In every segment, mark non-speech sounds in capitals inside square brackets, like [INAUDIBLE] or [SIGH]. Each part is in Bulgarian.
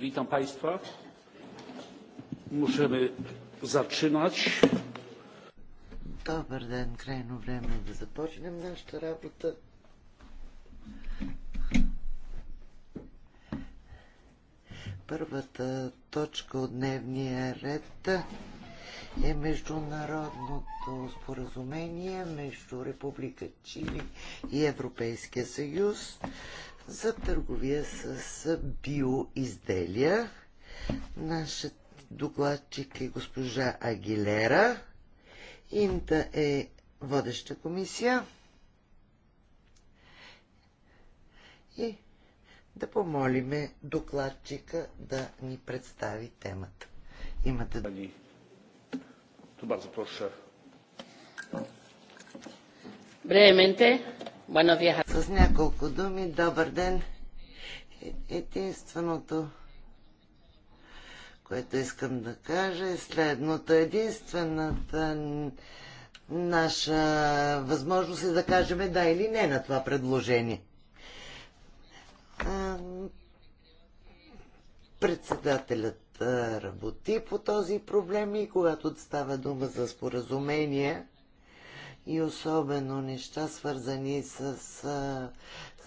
witam państwa możemy zaczynać Добър ден, крайно време е да започнем нашата работа. Първата точка от дневния ред е международното споразумение между Република Чили и Европейския съюз за търговия с биоизделия. Нашият докладчик е госпожа Агилера. Инта е водеща комисия. И да помолиме докладчика да ни представи темата. Имате... Добър запроша. Бременте. С няколко думи, добър ден. Единственото, което искам да кажа е следното. Единствената наша възможност е да кажем да или не на това предложение. Председателят работи по този проблем и когато става дума за споразумения, и особено неща, свързани с а,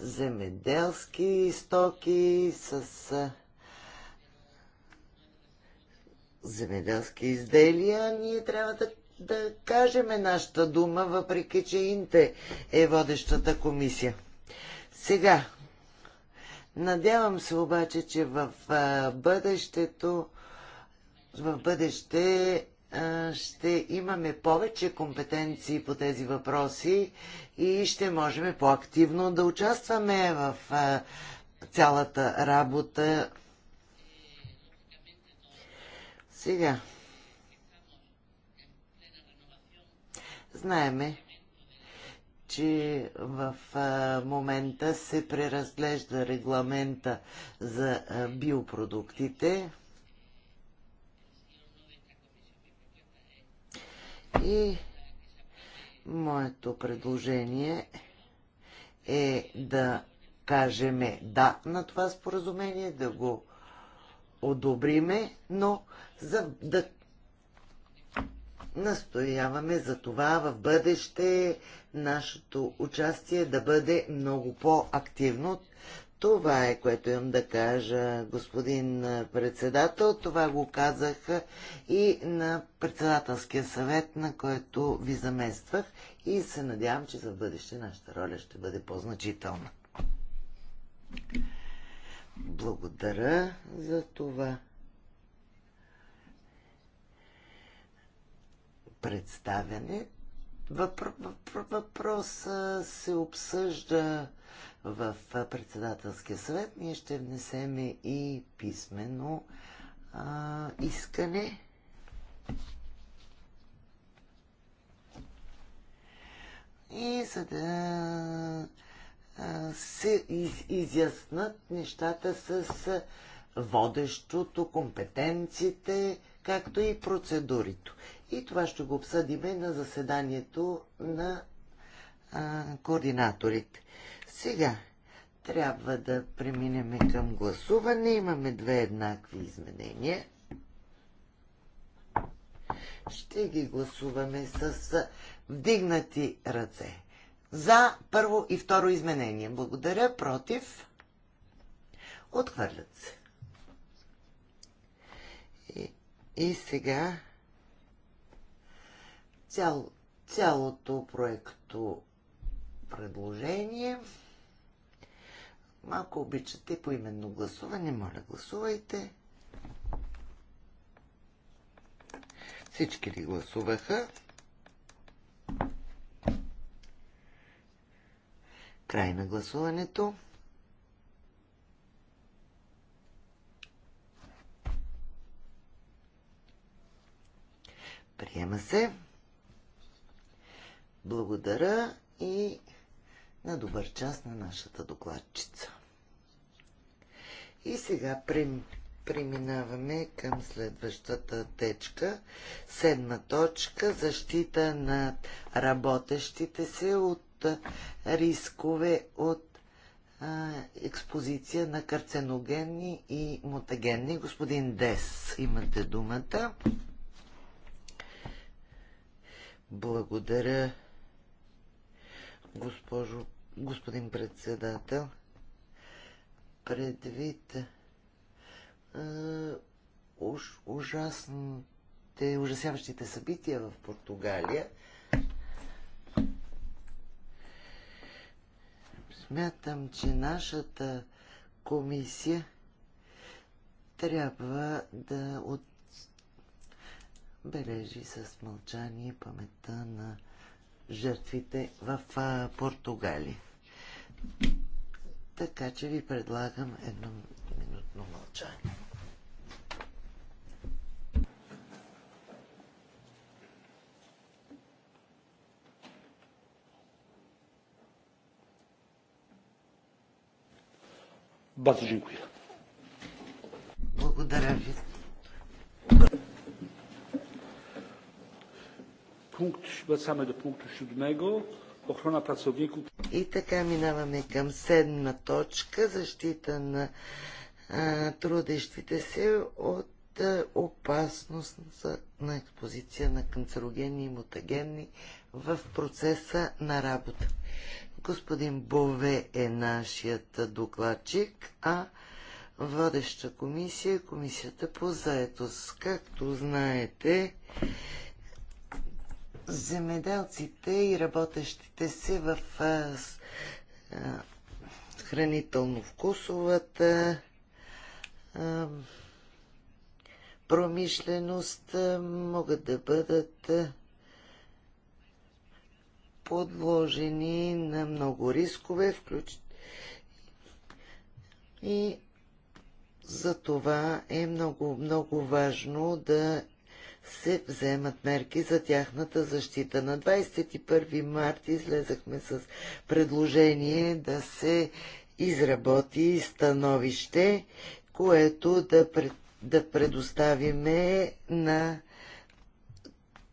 земеделски стоки, с а, земеделски изделия, ние трябва да, да кажеме нашата дума, въпреки че Инте е водещата комисия. Сега, надявам се обаче, че в а, бъдещето в бъдеще ще имаме повече компетенции по тези въпроси и ще можем по-активно да участваме в цялата работа. Сега. Знаеме, че в момента се преразглежда регламента за биопродуктите. И моето предложение е да кажеме да на това споразумение, да го одобриме, но за да настояваме за това в бъдеще нашето участие да бъде много по-активно, това е, което имам да кажа, господин председател. Това го казах и на председателския съвет, на който ви замествах и се надявам, че за бъдеще нашата роля ще бъде по-значителна. Благодаря за това представяне. Въпр- въпросът се обсъжда в председателския съвет. Ние ще внесеме и писмено а, искане. И за да се изяснат нещата с водещото, компетенциите, както и процедурите. И това ще го обсъдиме на заседанието на а, координаторите. Сега трябва да преминем към гласуване. Имаме две еднакви изменения. Ще ги гласуваме с вдигнати ръце. За първо и второ изменение. Благодаря. Против. Отхвърлят се. И, и сега цял, цялото проекто предложение. Малко обичате по именно гласуване, моля гласувайте. Всички ли гласуваха? Край на гласуването. Приема се. Благодаря и на добър час на нашата докладчица. И сега преминаваме към следващата течка. Седма точка – защита на работещите се от рискове от а, експозиция на карценогенни и мутагенни. Господин Дес, имате думата. Благодаря, госпожо, господин председател. Предвид е, уж, ужасните, ужасяващите събития в Португалия, смятам, че нашата комисия трябва да отбележи с мълчание паметта на жертвите в Португалия. Така че ви предлагам едно минутно мълчание. Bardzo dziękuję. Благодаря ви. Punkt, wracamy do punktu siódmego. Ochrona pracowników. И така минаваме към седма точка защита на трудещите се от опасност за, на експозиция на канцерогени и мутагенни в процеса на работа. Господин Бове е нашият докладчик, а водеща комисия е комисията по заетост. Както знаете, земеделците и работещите си в хранително-вкусовата промишленост могат да бъдат подложени на много рискове, включително и за това е много, много важно да се вземат мерки за тяхната защита. На 21 марта излезахме с предложение да се изработи становище, което да, пред, да предоставиме на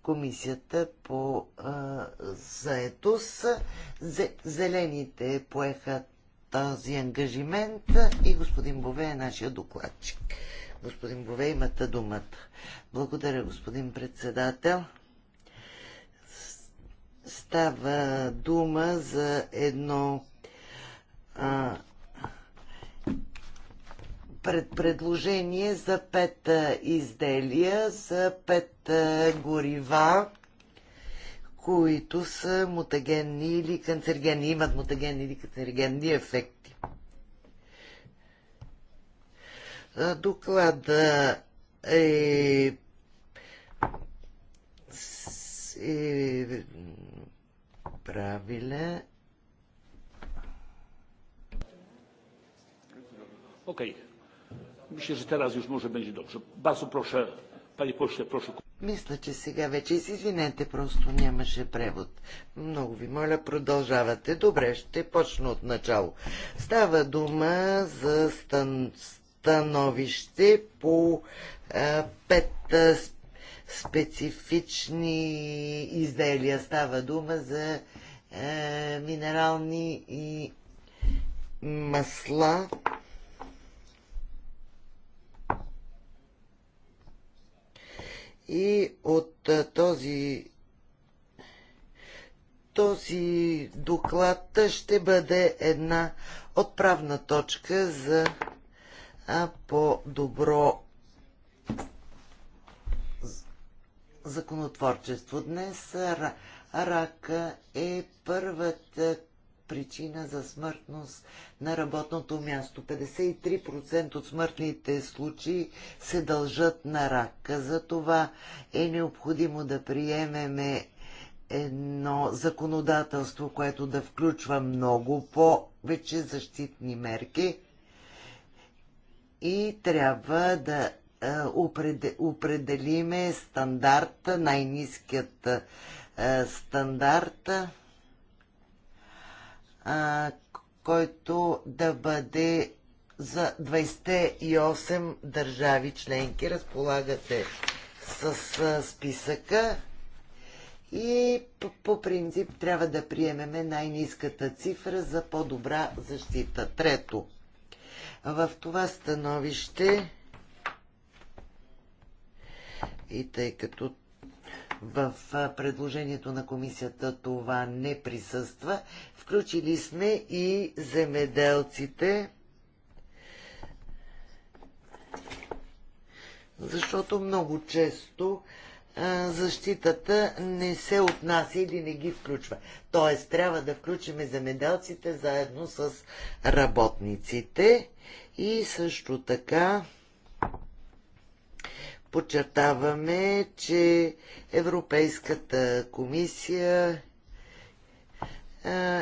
Комисията по а, заетост. Зелените поеха този ангажимент и господин Бове е нашия докладчик. Господин Бове, имате думата. Благодаря, господин председател. Става дума за едно а, за пет изделия, за пет горива, които са мутагенни или канцергенни, имат мутагенни или канцергенни ефект. Доклада е, е правилен. Окей. Okay. Myślę, że teraz już może będzie dobrze. Bardzo proszę, panie pośle, Мисля, че сега вече извинете, просто нямаше превод. Много ви моля, продължавате. Добре, ще почна от начало. Става дума за стан становище по е, пет е, специфични изделия. Става дума за е, минерални и масла. И от този този доклад ще бъде една отправна точка за по-добро законотворчество. Днес рака е първата причина за смъртност на работното място. 53% от смъртните случаи се дължат на рака. За това е необходимо да приемеме едно законодателство, което да включва много повече защитни мерки и трябва да е, определиме стандарта, най-низкият е, стандарт, е, който да бъде за 28 държави членки. Разполагате с списъка и по принцип трябва да приемеме най-низката цифра за по-добра защита. Трето, в това становище и тъй като в предложението на комисията това не присъства, включили сме и земеделците, защото много често защитата не се отнася или не ги включва. Тоест, трябва да включим земеделците заедно с работниците. И също така подчертаваме, че Европейската комисия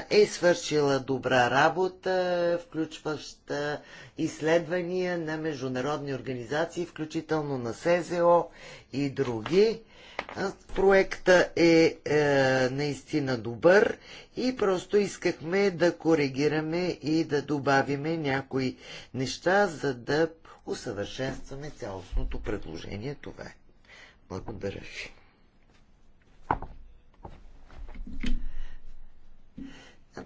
е свършила добра работа, включваща изследвания на международни организации, включително на СЗО и други. Проекта е, е наистина добър и просто искахме да коригираме и да добавиме някои неща, за да усъвършенстваме цялостното предложение. Това е. Благодаря ви.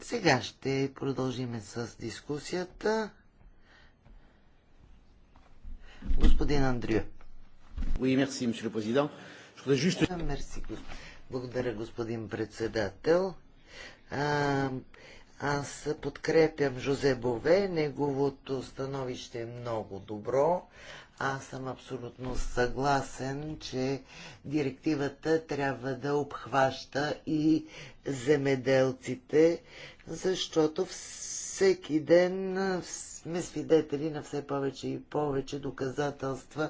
Сега ще продължим с дискусията. Господин Андрю. Oui, merci, monsieur le président. Благодаря, господин председател. А, аз подкрепям Жозе Бове. Неговото становище е много добро. Аз съм абсолютно съгласен, че директивата трябва да обхваща и земеделците, защото всеки ден сме свидетели на все повече и повече доказателства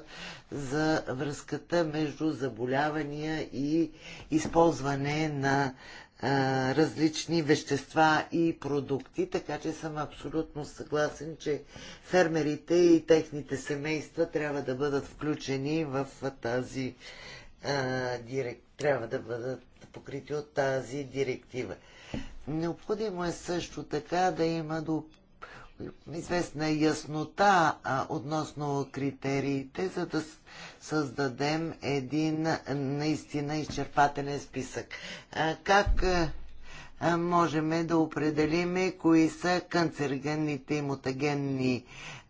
за връзката между заболявания и използване на различни вещества и продукти, така че съм абсолютно съгласен, че фермерите и техните семейства трябва да бъдат включени в тази а, директ, трябва да бъдат покрити от тази директива. Необходимо е също така да има известна яснота а, относно критериите, за да създадем един наистина изчерпателен списък. А, как а, можем да определим кои са канцерогенните и мутагенни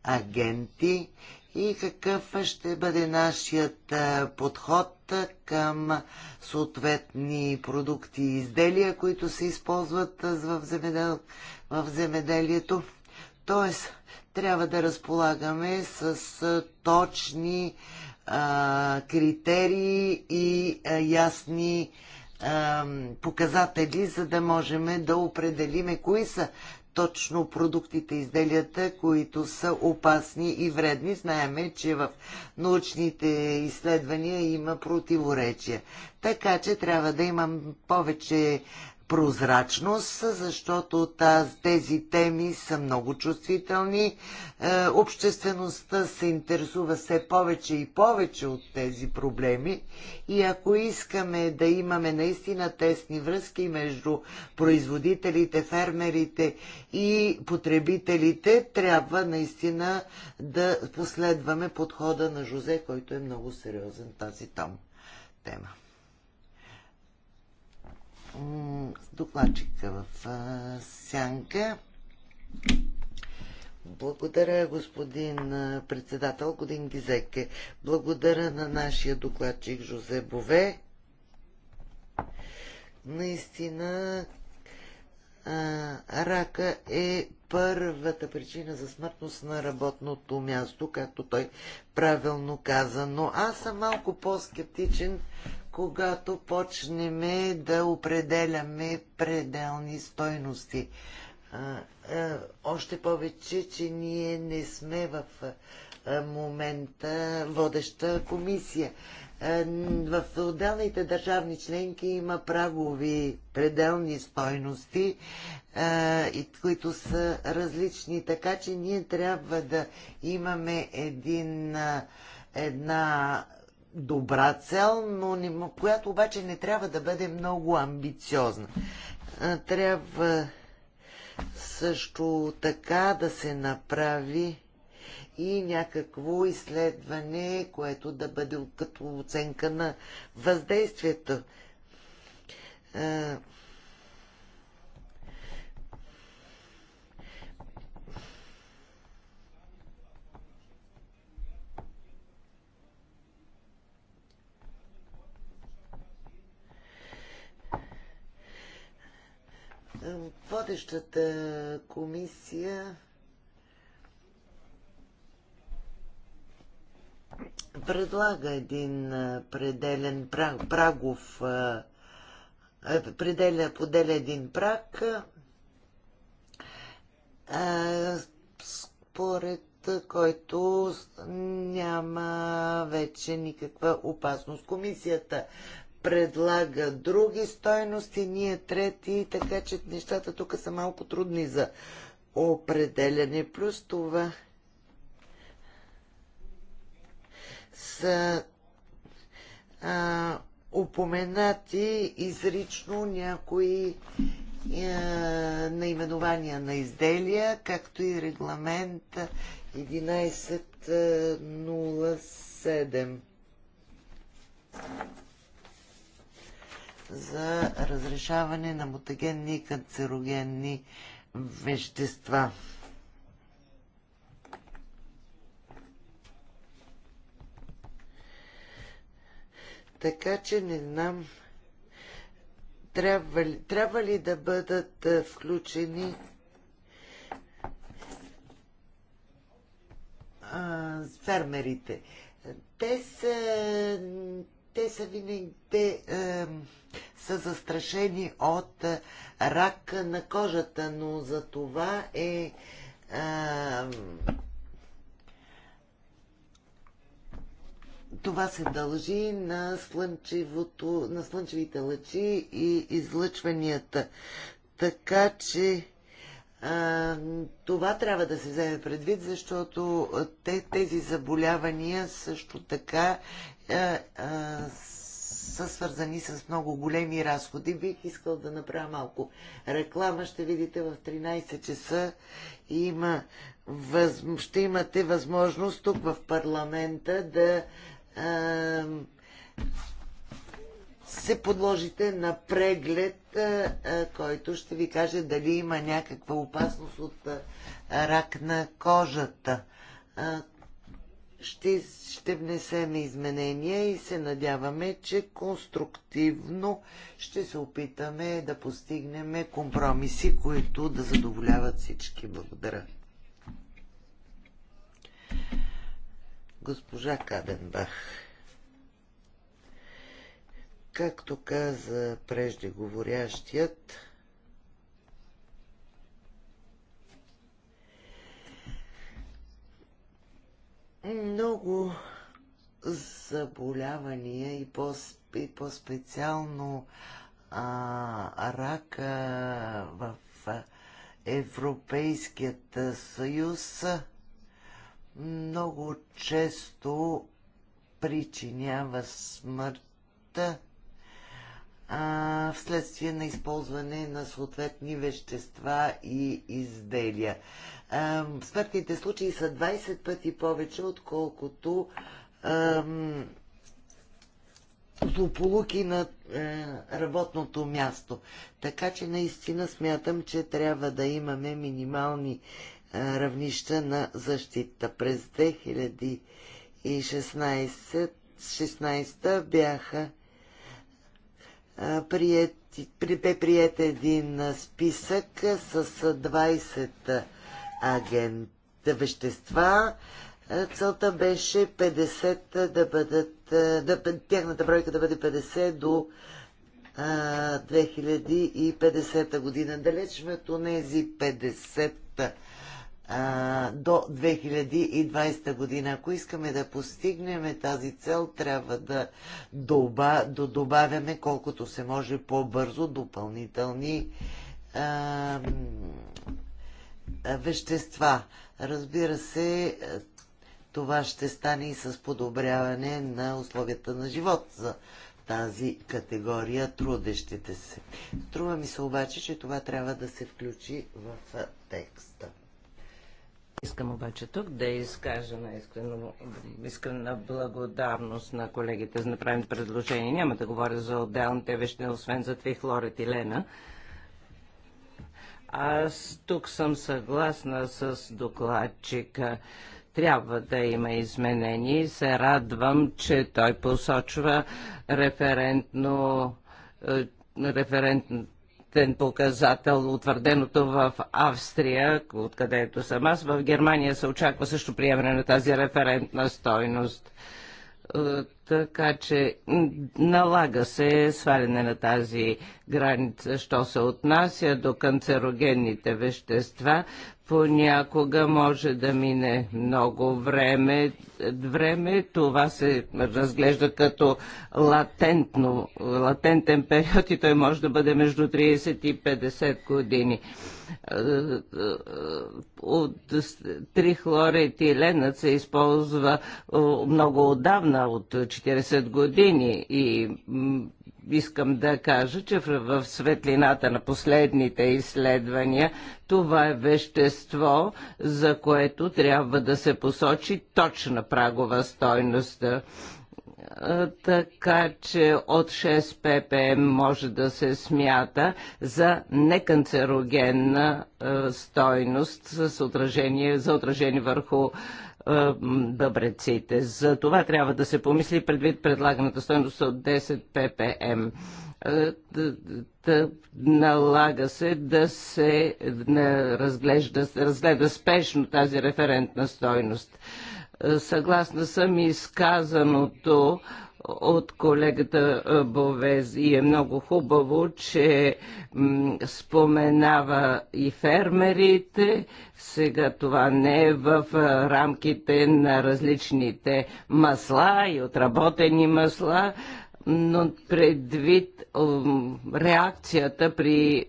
агенти и какъв ще бъде нашият подход към съответни продукти и изделия, които се използват в, земедел... в земеделието? Тоест, трябва да разполагаме с точни а, критерии и а, ясни а, показатели, за да можем да определиме кои са точно продуктите, изделията, които са опасни и вредни. Знаеме, че в научните изследвания има противоречия. Така че трябва да имам повече прозрачност, защото таз, тези теми са много чувствителни. Е, обществеността се интересува все повече и повече от тези проблеми и ако искаме да имаме наистина тесни връзки между производителите, фермерите и потребителите, трябва наистина да последваме подхода на Жозе, който е много сериозен тази там тема докладчика в сянка. Благодаря, господин председател, господин Гизеке. Благодаря на нашия докладчик Жозе Бове. Наистина, рака е първата причина за смъртност на работното място, както той правилно каза. Но аз съм малко по-скептичен когато почнем да определяме пределни стойности. А, а, още повече, че ние не сме в а, момента водеща комисия. В отделните държавни членки има прагови пределни стойности, които са различни. Така че ние трябва да имаме един, една добра цел, но не, която обаче не трябва да бъде много амбициозна. Трябва също така да се направи и някакво изследване, което да бъде като оценка на въздействието. Водещата комисия предлага един пределен праг, прагов пределя, поделя един праг според който няма вече никаква опасност. Комисията предлага други стойности, ние трети, така че нещата тук са малко трудни за определяне. Плюс това са а, упоменати изрично някои а, наименования на изделия, както и регламент 1107 за разрешаване на мутагенни и канцерогенни вещества. Така че не знам трябва ли, трябва ли да бъдат включени а, фермерите. Те са те са винаги те, е, са застрашени от е, рак на кожата, но за това е, е това се дължи на, слънчевото, на слънчевите лъчи и излъчванията. Така че а, това трябва да се вземе предвид, защото е, те, тези заболявания също така са свързани с много големи разходи. Бих искал да направя малко реклама. Ще видите в 13 часа има, въз, ще имате възможност тук в парламента да а, се подложите на преглед, а, който ще ви каже дали има някаква опасност от а, рак на кожата. А, ще, ще внесем изменения и се надяваме, че конструктивно ще се опитаме да постигнем компромиси, които да задоволяват всички. Благодаря. Госпожа Каденбах. Както каза преждеговорящият, много заболявания и, по, по-специално а, рака в Европейският съюз много често причинява смъртта а, вследствие на използване на съответни вещества и изделия. А, смъртните случаи са 20 пъти повече, отколкото злополуки на е, работното място. Така че наистина смятам, че трябва да имаме минимални е, равнища на защита. През 2016 16 бяха прият, бе прият един списък с 20 агент, вещества. Целта беше 50 да бъдат, да, тяхната бройка да бъде 50 до 2050 година. Далеч сме от тези 50 а, до 2020 година. Ако искаме да постигнем тази цел, трябва да, доба, да добавяме колкото се може по-бързо допълнителни а, вещества. Разбира се, това ще стане и с подобряване на условията на живот за тази категория трудещите се. Струва ми се обаче, че това трябва да се включи в текста. Искам обаче тук да изкажа на искрена благодарност на колегите за направените предложение. предложения. Няма да говоря за отделните вещи, освен за трихлорет и Лена. Аз тук съм съгласна с докладчика. Трябва да има изменения и се радвам, че той посочва референтно е, референтно статистичен показател, утвърденото в Австрия, откъдето съм аз. В Германия се очаква също приемане на тази референтна стойност е, така че налага се сваляне на тази граница, що се отнася до канцерогенните вещества. Понякога може да мине много време. Време това се разглежда като латентно, латентен период и той може да бъде между 30 и 50 години. Е, е, от трихлоретиленът се използва е, много отдавна, от 40 години и искам да кажа, че в светлината на последните изследвания това е вещество, за което трябва да се посочи точна прагова стойност така че от 6 ppm може да се смята за неканцерогенна стойност с отражение, за отражение върху е, бъбреците. За това трябва да се помисли предвид предлаганата стоеност от 10 ppm е, налага се да се е, разглежда, разгледа спешно тази референтна стойност. Съгласна съм и изказаното от колегата Бовез и е много хубаво, че споменава и фермерите. Сега това не е в рамките на различните масла и отработени масла, но предвид реакцията при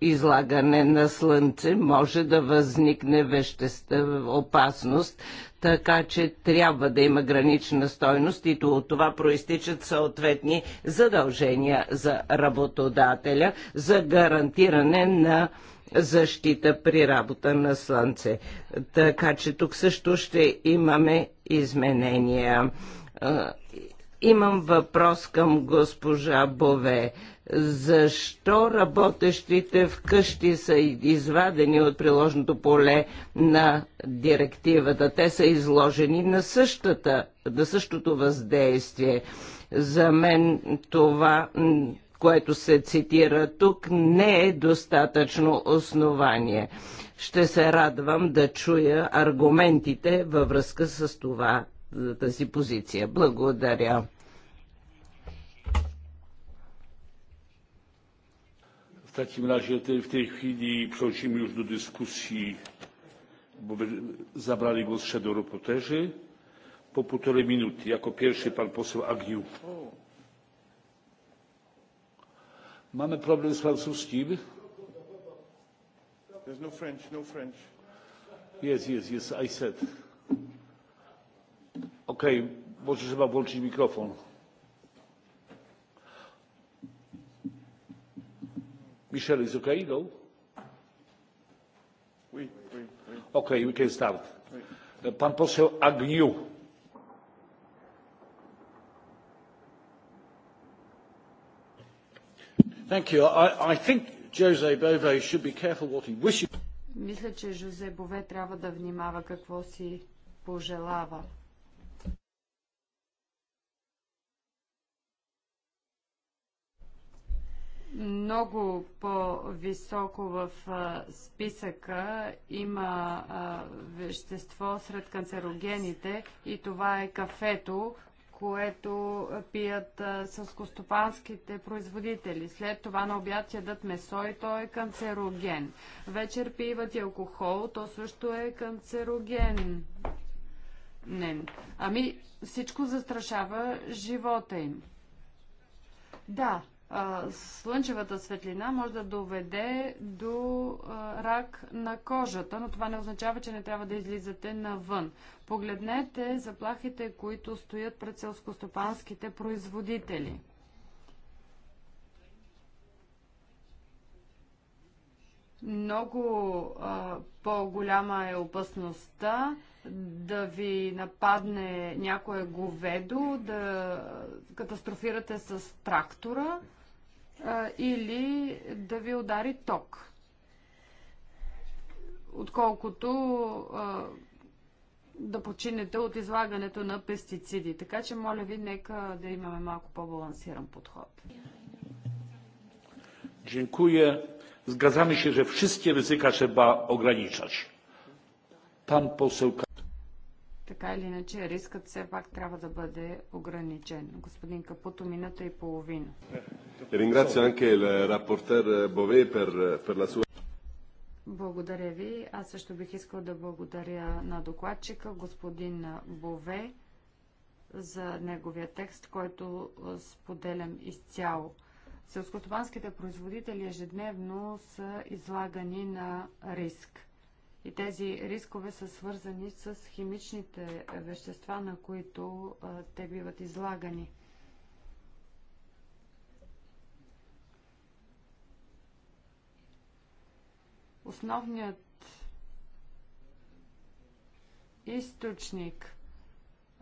излагане на слънце може да възникне вещества опасност така че трябва да има гранична стойност и от това проистичат съответни задължения за работодателя за гарантиране на защита при работа на слънце. Така че тук също ще имаме изменения. Имам въпрос към госпожа Бове защо работещите вкъщи са извадени от приложното поле на директивата. Те са изложени на, същата, на същото въздействие. За мен това, което се цитира тук, не е достатъчно основание. Ще се радвам да чуя аргументите във връзка с това, тази позиция. Благодаря. takim razie w tej chwili przechodzimy już do dyskusji, bo zabrali głos shadow Po półtorej minuty. Jako pierwszy pan poseł Agniu. Mamy problem z francuskim. There's no French, no French. Yes, yes, yes, I said. Okej, okay, może trzeba włączyć mikrofon. Michel, is okay? though. Oui, oui, oui. Okay, we can start. Oui. Pan poseł Agniu. Thank you. I, I think Jose Bove should be careful what he wishes. Мисля, че Жозе Бове трябва да внимава какво си пожелава. много по-високо в списъка има вещество сред канцерогените и това е кафето, което пият сълскостопанските производители. След това на обяд ядат месо и то е канцероген. Вечер пиват и алкохол, то също е канцероген. Не. Ами всичко застрашава живота им. Да, слънчевата светлина може да доведе до рак на кожата, но това не означава, че не трябва да излизате навън. Погледнете заплахите, които стоят пред селскостопанските производители. Много по-голяма е опасността да ви нападне някое говедо, да катастрофирате с трактора а, или да ви удари ток. Отколкото а, да починете от излагането на пестициди. Така че, моля ви, нека да имаме малко по-балансиран подход. Дякую. Zgadzamy się, że wszystkie ryzyka trzeba ograniczać. Pan poseł така или иначе, рискът все пак трябва да бъде ограничен. Господин Капуто, мината и половина. Благодаря ви. Аз също бих искал да благодаря на докладчика, господин Бове, за неговия текст, който споделям изцяло. Селскостопанските производители ежедневно са излагани на риск. И тези рискове са свързани с химичните вещества, на които а, те биват излагани. Основният източник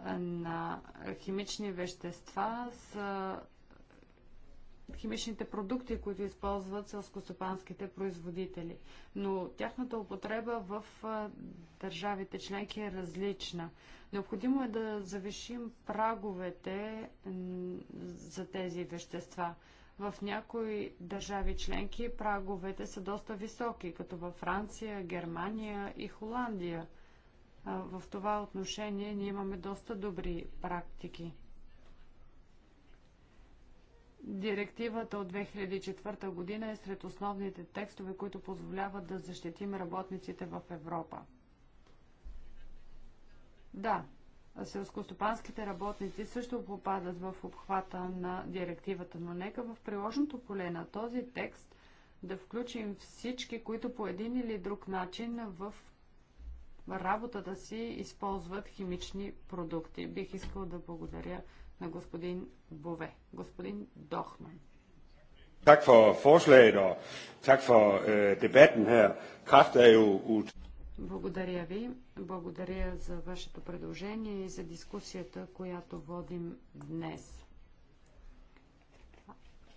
на химични вещества са химичните продукти, които използват селскостопанските производители. Но тяхната употреба в държавите членки е различна. Необходимо е да завишим праговете за тези вещества. В някои държави членки праговете са доста високи, като във Франция, Германия и Холандия. В това отношение ние имаме доста добри практики. Директивата от 2004 година е сред основните текстове, които позволяват да защитим работниците в Европа. Да, селскостопанските работници също попадат в обхвата на директивата, но нека в приложното поле на този текст да включим всички, които по един или друг начин в работата си използват химични продукти. Бих искал да благодаря на господин Бове, господин Дохман. Так for forslaget og tak for uh, debatten her. Kraft er jo... Благодаря ви. Благодаря за вашето предложение и за дискусията, която водим днес.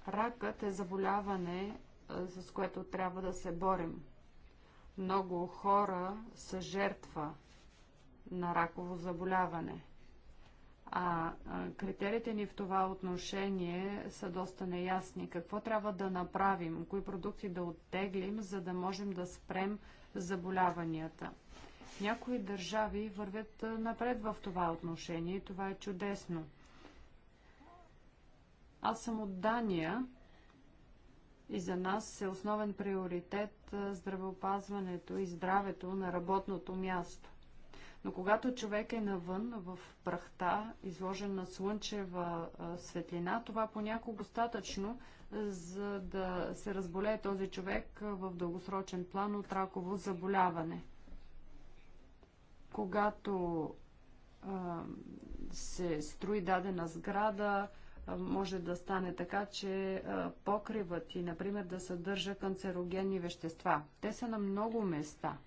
Ракът е заболяване, с което трябва да се борим. Много хора са жертва на раково заболяване – а, а критериите ни в това отношение са доста неясни. Какво трябва да направим? Кои продукти да оттеглим, за да можем да спрем заболяванията? Някои държави вървят напред в това отношение и това е чудесно. Аз съм от Дания и за нас е основен приоритет здравеопазването и здравето на работното място. Но когато човек е навън, в прахта, изложен на слънчева светлина, това понякога достатъчно, за да се разболее този човек в дългосрочен план от раково заболяване. Когато се строи дадена сграда, може да стане така, че покривът и, например, да съдържа канцерогенни вещества. Те са на много места –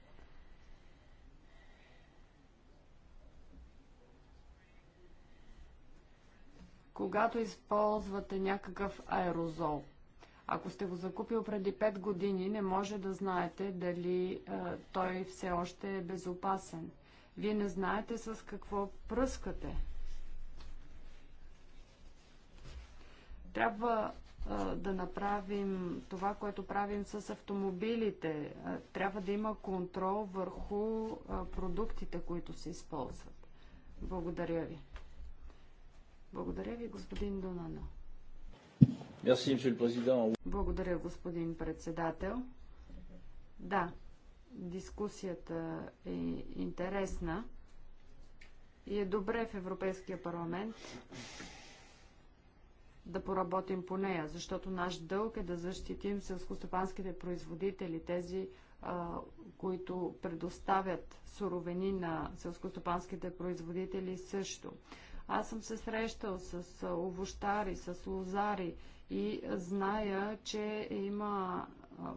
когато използвате някакъв аерозол. Ако сте го закупил преди 5 години, не може да знаете дали е, той все още е безопасен. Вие не знаете с какво пръскате. Трябва е, да направим това, което правим с автомобилите. Е, трябва да има контрол върху е, продуктите, които се използват. Благодаря ви. Благодаря ви, господин Донано. Благодаря, господин председател. Да, дискусията е интересна и е добре в Европейския парламент да поработим по нея, защото наш дълг е да защитим селскостопанските производители, тези, а, които предоставят суровини на селскостопанските производители също. Аз съм се срещал с овощари, с лозари и зная, че има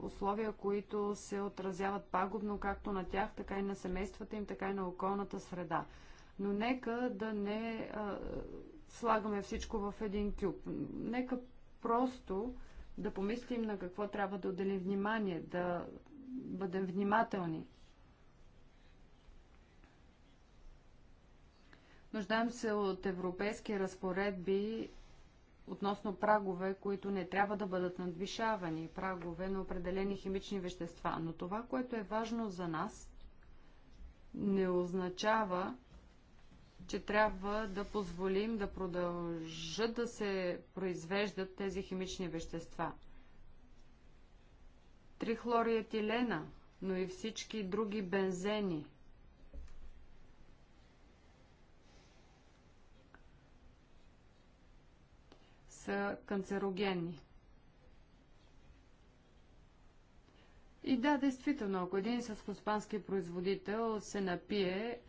условия, които се отразяват пагубно както на тях, така и на семействата им, така и на околната среда. Но нека да не а, слагаме всичко в един кюб. Нека просто да помислим на какво трябва да отделим внимание, да бъдем внимателни. Нуждаем се от европейски разпоредби относно прагове, които не трябва да бъдат надвишавани, прагове на определени химични вещества. Но това, което е важно за нас, не означава, че трябва да позволим да продължат да се произвеждат тези химични вещества. Трихлориетилена, но и всички други бензени – са канцерогенни. И да, действително, ако един съскоспански производител се напие,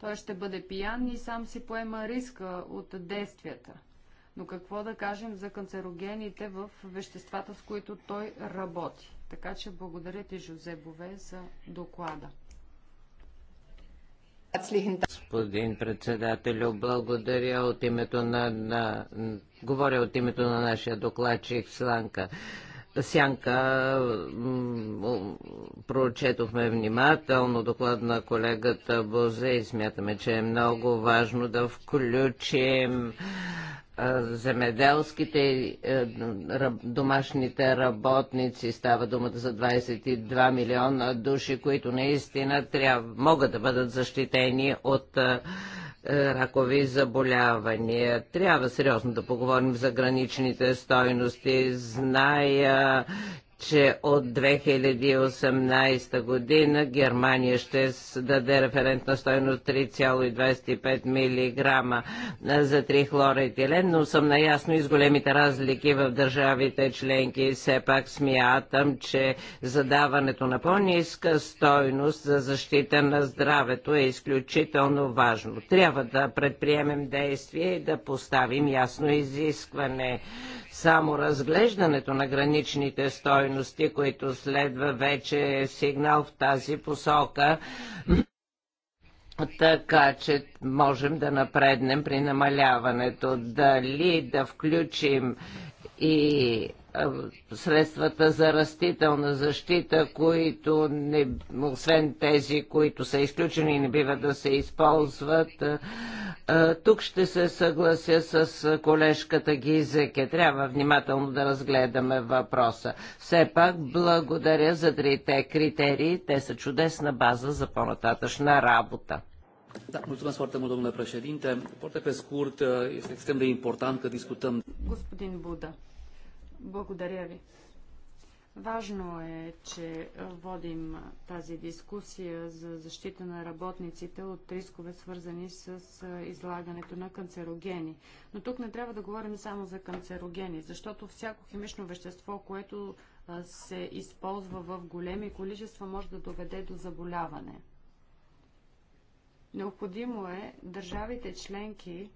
той ще бъде пиян и сам си поема риска от действията. Но какво да кажем за канцерогените в веществата, с които той работи? Така че благодаря ти, Жозе Бове, за доклада. Господин председателю, благодаря от името на, на... Говоря от името на нашия докладчик Сланка. Сянка, прочетохме внимателно доклад на колегата Бозе и смятаме, че е много важно да включим земеделските е, домашните работници. Става думата за 22 милиона души, които наистина трябва, могат да бъдат защитени от е, ракови заболявания. Трябва сериозно да поговорим за граничните стойности. Зная, че от 2018 година Германия ще даде референтна стойност 3,25 мг за трихлоретилен, но съм наясно и с големите разлики в държавите членки. Все пак смятам, че задаването на по-ниска стойност за защита на здравето е изключително важно. Трябва да предприемем действие и да поставим ясно изискване само разглеждането на граничните стойности, които следва вече е сигнал в тази посока, така че можем да напреднем при намаляването. Дали да включим и средствата за растителна защита, които не, освен тези, които са изключени, не бива да се използват, тук ще се съглася с колежката Гизеке. Трябва внимателно да разгледаме въпроса. Все пак благодаря за трите критерии. Те са чудесна база за по-нататъчна работа. Da, mulțumesc foarte mult, domnule președinte. Foarte pe scurt, este extrem de important că discutăm. Господин Буда, благодаря ви. Важно е, че водим тази дискусия за защита на работниците от рискове, свързани с излагането на канцерогени. Но тук не трябва да говорим само за канцерогени, защото всяко химично вещество, което се използва в големи количества, може да доведе до заболяване. Необходимо е държавите членки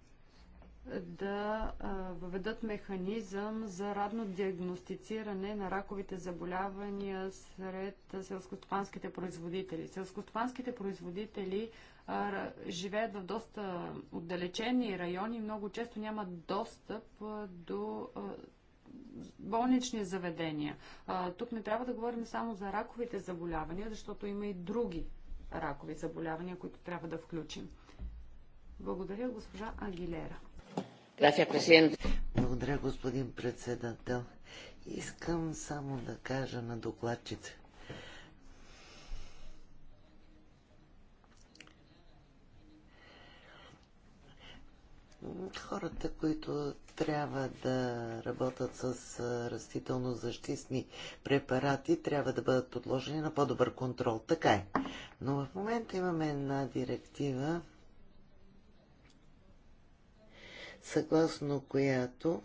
да въведат механизъм за радно диагностициране на раковите заболявания сред селскостопанските производители. Селскостопанските производители живеят в доста отдалечени райони и много често нямат достъп до болнични заведения. Тук не трябва да говорим само за раковите заболявания, защото има и други ракови заболявания, които трябва да включим. Благодаря, госпожа Агилера. Благодаря, господин председател. Искам само да кажа на докладчица. Хората, които трябва да работят с растително защитни препарати, трябва да бъдат подложени на по-добър контрол. Така е. Но в момента имаме една директива, съгласно която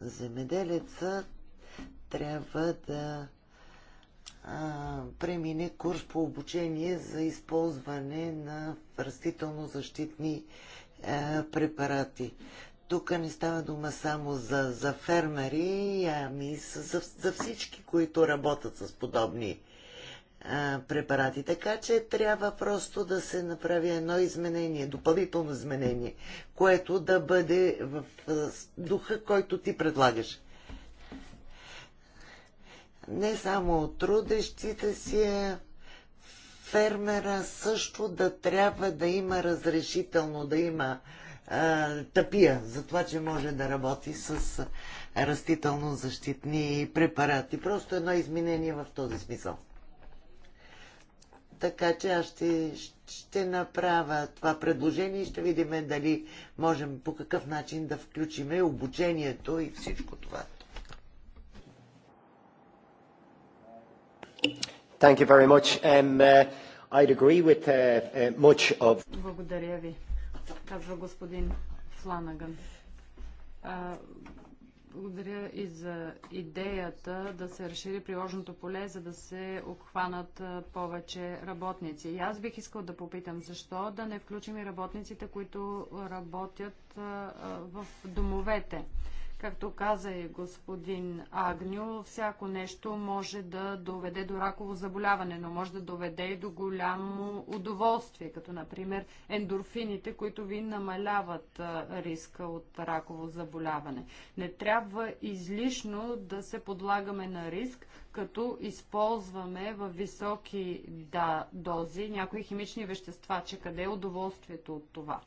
земеделеца трябва да а, премине курс по обучение за използване на растително-защитни препарати. Тук не става дума само за, за фермери, ами за, за всички, които работят с подобни препарати. Така че трябва просто да се направи едно изменение, допълнително изменение, което да бъде в духа, който ти предлагаш. Не само трудещите си, фермера също да трябва да има разрешително, да има а, тъпия за това, че може да работи с растително защитни препарати. Просто едно изменение в този смисъл. Така че аз ще, ще направя това предложение и ще видим дали можем по какъв начин да включим и обучението и всичко това. Thank you very much. Um, uh, I'd agree with uh, uh, much of... Благодаря ви, казва господин Фланаган. Благодаря и за идеята да се разшири приложното поле, за да се обхванат повече работници. И аз бих искал да попитам, защо да не включим и работниците, които работят в домовете? Както каза и господин Агню, всяко нещо може да доведе до раково заболяване, но може да доведе и до голямо удоволствие, като например ендорфините, които ви намаляват риска от раково заболяване. Не трябва излишно да се подлагаме на риск, като използваме в високи да, дози някои химични вещества, че къде е удоволствието от това.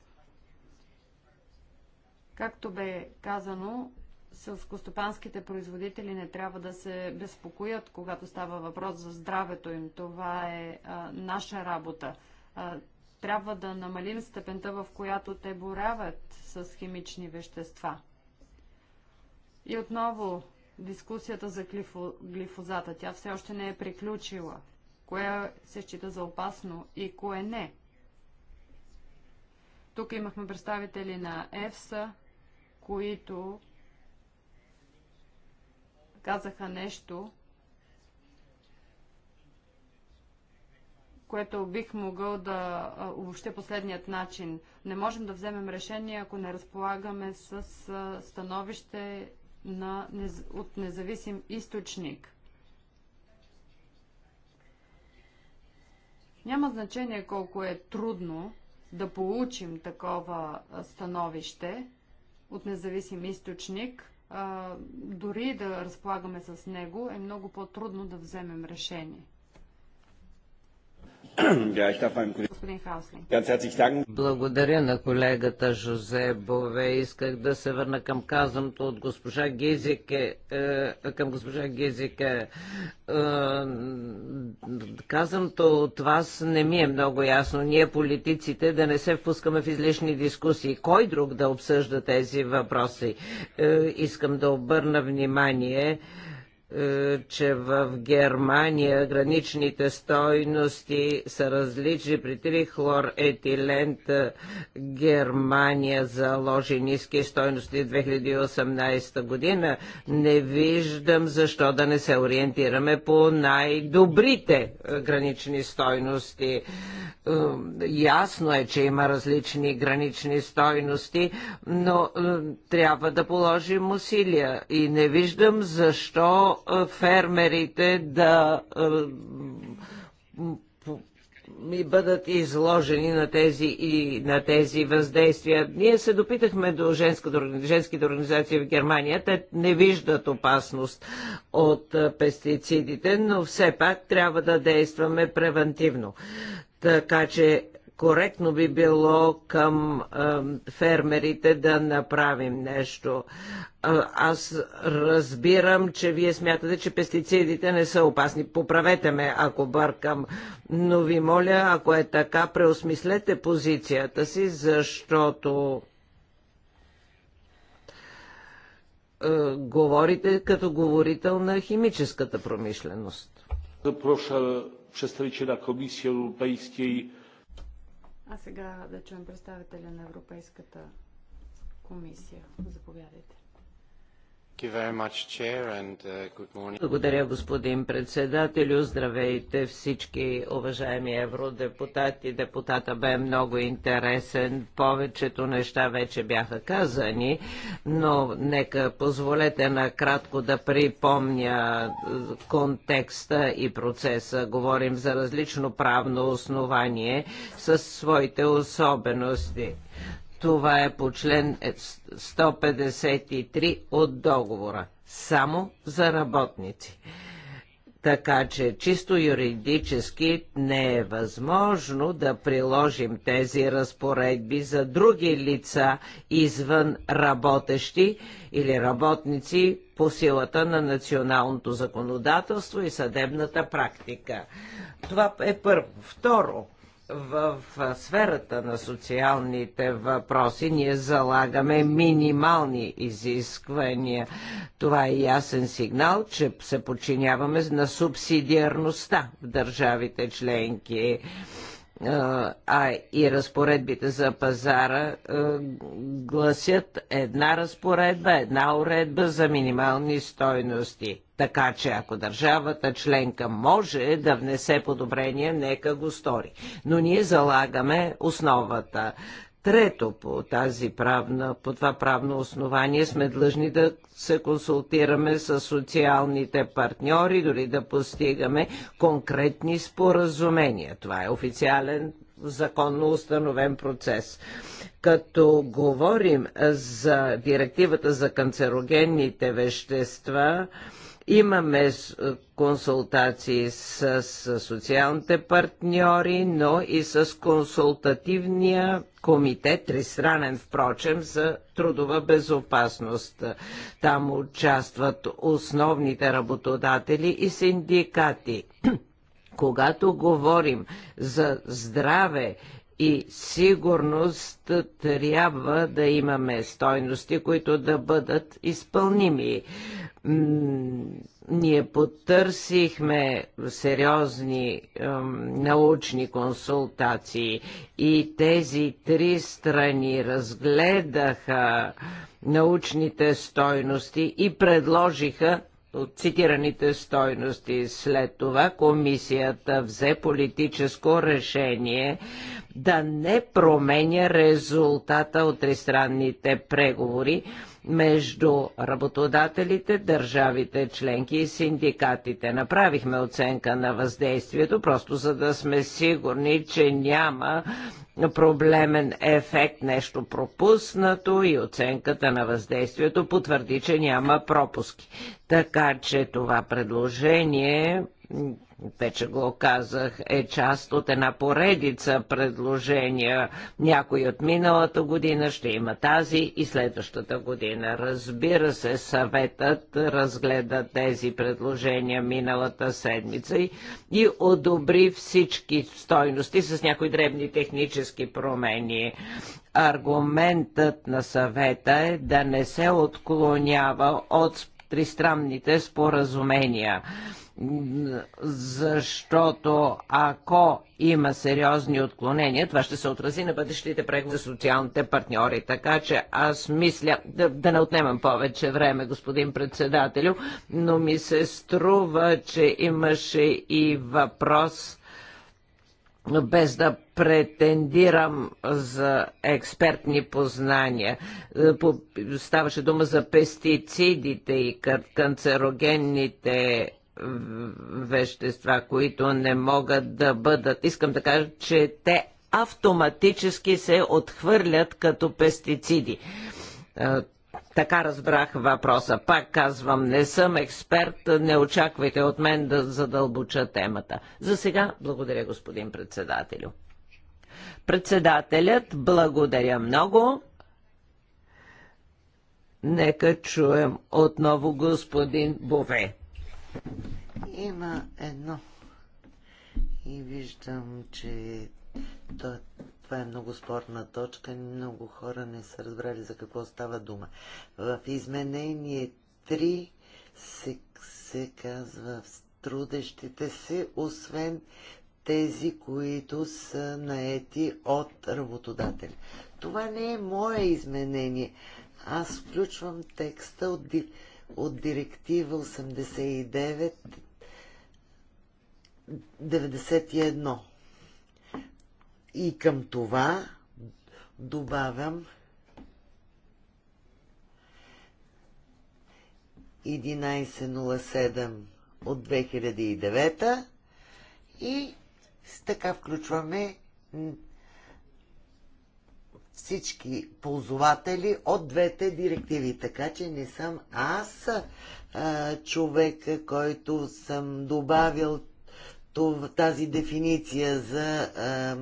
Както бе казано, селскостопанските производители не трябва да се безпокоят, когато става въпрос за здравето им. Това е а, наша работа. А, трябва да намалим степента, в която те боряват с химични вещества. И отново дискусията за глифо, глифозата. Тя все още не е приключила. Кое се счита за опасно и кое не. Тук имахме представители на ЕФСА, които казаха нещо, което бих могъл да обобщя последният начин. Не можем да вземем решение, ако не разполагаме с становище на, от независим източник. Няма значение колко е трудно да получим такова становище от независим източник – дори да разполагаме с него, е много по-трудно да вземем решение. [CLEARS THROAT] Благодаря на колегата Жозе Бове. Исках да се върна към казаното от госпожа Гизике. Е, към госпожа Гизике. Е, казаното от вас не ми е много ясно. Ние политиците да не се впускаме в излишни дискусии. Кой друг да обсъжда тези въпроси? Е, искам да обърна внимание е, че в Германия граничните стойности са различни при трихлоретилент. Е, Германия заложи ниски стойности 2018 година. Не виждам защо да не се ориентираме по най-добрите е, гранични стойности. Ясно е, че има различни гранични стойности, но трябва да положим усилия и не виждам защо фермерите да е, ми бъдат изложени на тези, и на тези въздействия. Ние се допитахме до женската, женските организации в Германия. Те не виждат опасност от е, пестицидите, но все пак трябва да действаме превентивно. Така че коректно би било към е, фермерите да направим нещо. Аз разбирам, че вие смятате, че пестицидите не са опасни. Поправете ме, ако бъркам. Но ви моля, ако е така, преосмислете позицията си, защото е, говорите като говорител на химическата промишленост. Запроша представителя Комисия Европейския а сега да чуем представителя на Европейската комисия. Заповядайте. Uh, Благодаря, господин председателю. Здравейте всички уважаеми евродепутати. Депутата бе много интересен. Повечето неща вече бяха казани, но нека позволете накратко да припомня е, контекста и процеса. Говорим за различно правно основание със своите особености. Това е по член 153 е, от договора. Само за работници. Така че чисто юридически не е възможно да приложим тези разпоредби за други лица извън работещи или работници по силата на националното законодателство и съдебната практика. Това е първо. Второ, в сферата на социалните въпроси ние залагаме минимални изисквания. Това е ясен сигнал, че се подчиняваме на субсидиарността в държавите членки е, а и разпоредбите за пазара е, гласят една разпоредба, една уредба за минимални стойности. Така че ако държавата членка може да внесе подобрение, нека го стори. Но ние залагаме основата. Трето, по, тази правна, по това правно основание сме длъжни да се консултираме с социалните партньори, дори да постигаме конкретни споразумения. Това е официален законно установен процес. Като говорим за директивата за канцерогенните вещества, Имаме е, консултации с, с социалните партньори, но и с консултативния комитет, тристранен впрочем, за трудова безопасност. Там участват основните работодатели и синдикати. [CLEARS THROAT] Когато говорим за здраве и сигурност трябва да имаме стойности, които да бъдат изпълними. Ние потърсихме сериозни е, научни консултации и тези три страни разгледаха научните стойности и предложиха от цитираните стойности. След това комисията взе политическо решение да не променя резултата от тристранните преговори между работодателите, държавите членки и синдикатите. Направихме оценка на въздействието, просто за да сме сигурни, че няма проблемен ефект, нещо пропуснато и оценката на въздействието потвърди, че няма пропуски. Така че това предложение вече го казах, е част от една поредица предложения. Някои от миналата година ще има тази и следващата година. Разбира се, съветът разгледа тези предложения миналата седмица и, и одобри всички стойности с някои дребни технически промени. Аргументът на съвета е да не се отклонява от тристранните споразумения. Защото ако има сериозни отклонения, това ще се отрази на бъдещите преговори за социалните партньори. Така че аз мисля, да, да не отнемам повече време, господин председателю, но ми се струва, че имаше и въпрос без да претендирам за експертни познания. Е, ставаше дума за пестицидите и канцерогенните вещества, които не могат да бъдат. Искам да кажа, че те автоматически се отхвърлят като пестициди е, така разбрах въпроса. Пак казвам, не съм експерт, не очаквайте от мен да задълбоча темата. За сега благодаря, господин председателю. Председателят, благодаря много. Нека чуем отново господин Бове. Има едно и виждам, че то, това е много спорна точка. Много хора не са разбрали за какво става дума. В изменение 3 се, се казва трудещите се, освен тези, които са наети от работодателя. Това не е мое изменение. Аз включвам текста от, от директива 89 91 и към това добавям 1107 от 2009 и с така включваме всички ползватели от двете директиви. Така че не съм аз а, човека, който съм добавил тази дефиниция за а,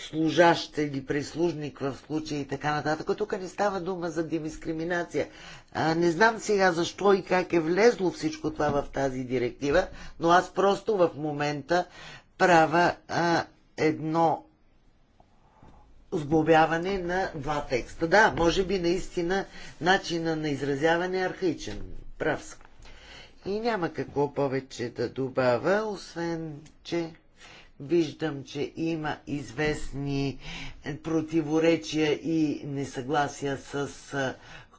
служащ или прислужник в случая и така нататък. Тук не става дума за дискриминация. А, не знам сега защо и как е влезло всичко това в тази директива, но аз просто в момента правя а, едно сглобяване на два текста. Да, може би наистина начина на изразяване е архаичен. Прав И няма какво повече да добавя, освен че Виждам, че има известни противоречия и несъгласия с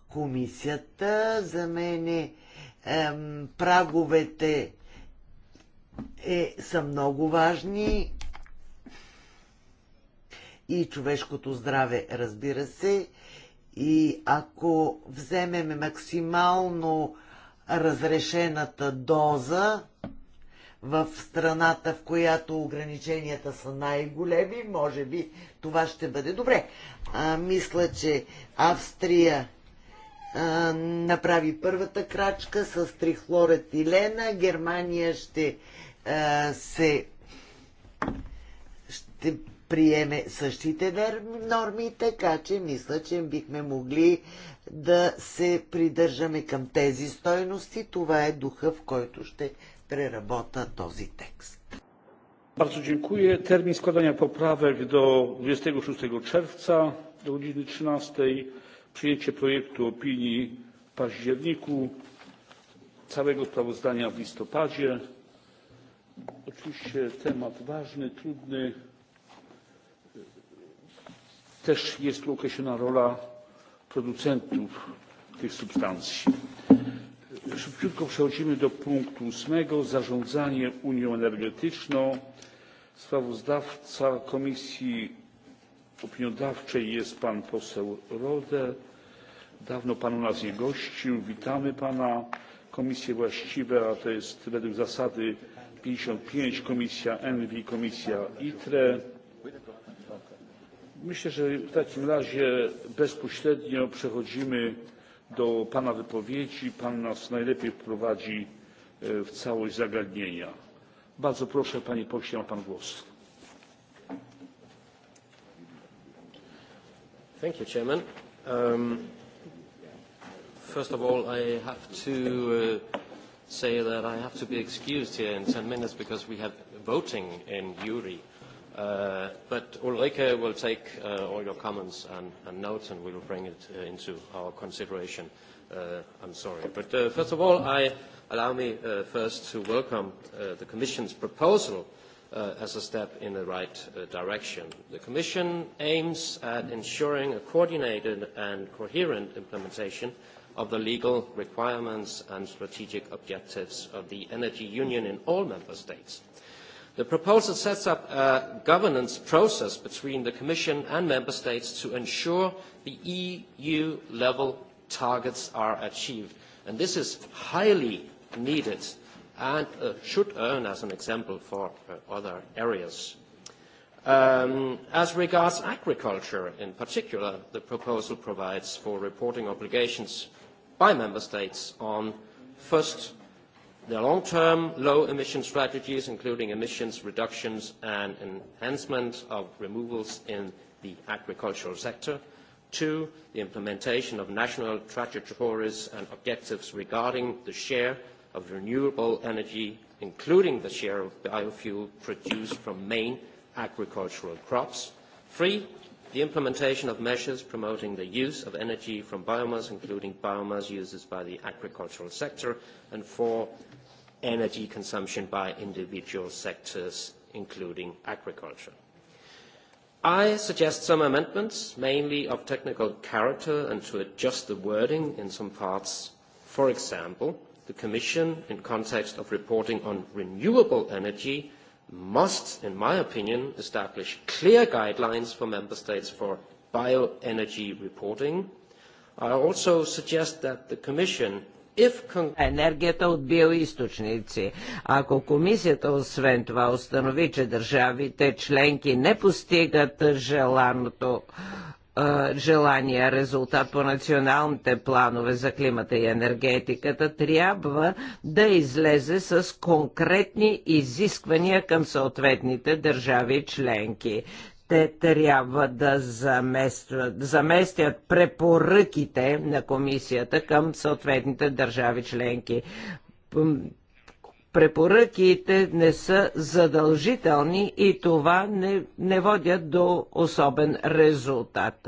комисията. За мен е, праговете е, са много важни и човешкото здраве, разбира се. И ако вземем максимално разрешената доза, в страната, в която ограниченията са най-големи, може би това ще бъде добре. А, мисля, че Австрия а, направи първата крачка с трихлорет и лена. Германия ще а, се ще приеме същите норми, така че мисля, че бихме могли да се придържаме към тези стойности. Това е духа, в който ще преработа този текст. Bardzo dziękuję. Termin składania poprawek do 26 czerwca do godziny 13. Przyjęcie projektu opinii w październiku, całego sprawozdania w listopadzie. Oczywiście temat ważny, trudny. Też jest tu określona rola producentów tych substancji. Szybciutko przechodzimy do punktu ósmego. Zarządzanie Unią Energetyczną. Sprawozdawca Komisji Opiniodawczej jest pan poseł Rode. Dawno pan u nas nie gościł. Witamy pana. Komisje właściwe, a to jest według zasady pięćdziesiąt pięć Komisja ENVI, Komisja ITRE. Myślę, że w takim razie bezpośrednio przechodzimy do pana wypowiedzi. Pan nas najlepiej wprowadzi w całość zagadnienia. Bardzo proszę, panie pośle, ma pan głos. Thank you, Chairman. Um, first of all, I have to uh, say that I have to be excused here in 10 minutes because we have voting in URI. But Ulrike will take all your comments and notes, and we will bring it into our consideration. I'm sorry. But first of all, I allow me first to welcome the Commission's proposal as a step in the right direction. The Commission aims at ensuring a coordinated and coherent implementation of the legal requirements and strategic objectives of the energy union in all member states – The proposal sets up a governance process between the Commission and Member States to ensure the EU level targets are achieved. And this is highly needed and uh, should earn as an example for uh, other areas. Um, as regards agriculture in particular, the proposal provides for reporting obligations by Member States on first Their long-term low-emission strategies, including emissions reductions and enhancement of removals in the agricultural sector. Two, the implementation of national trajectories and objectives regarding the share of renewable energy, including the share of biofuel produced from main agricultural crops. Three, The implementation of measures promoting the use of energy from biomass, including biomass uses by the agricultural sector, and for energy consumption by individual sectors, including agriculture. I suggest some amendments, mainly of technical character and to adjust the wording in some parts. For example, the Commission, in context of reporting on renewable energy, must, in my opinion, establish clear guidelines for member states for bioenergy reporting. I also suggest that the Commission If... енергията от биоисточници. Ако комисията освен това установи, че държавите членки не постигат желаното желания резултат по националните планове за климата и енергетиката, трябва да излезе с конкретни изисквания към съответните държави членки те трябва да заместват, заместят препоръките на комисията към съответните държави членки препоръките не са задължителни и това не, не водят до особен резултат.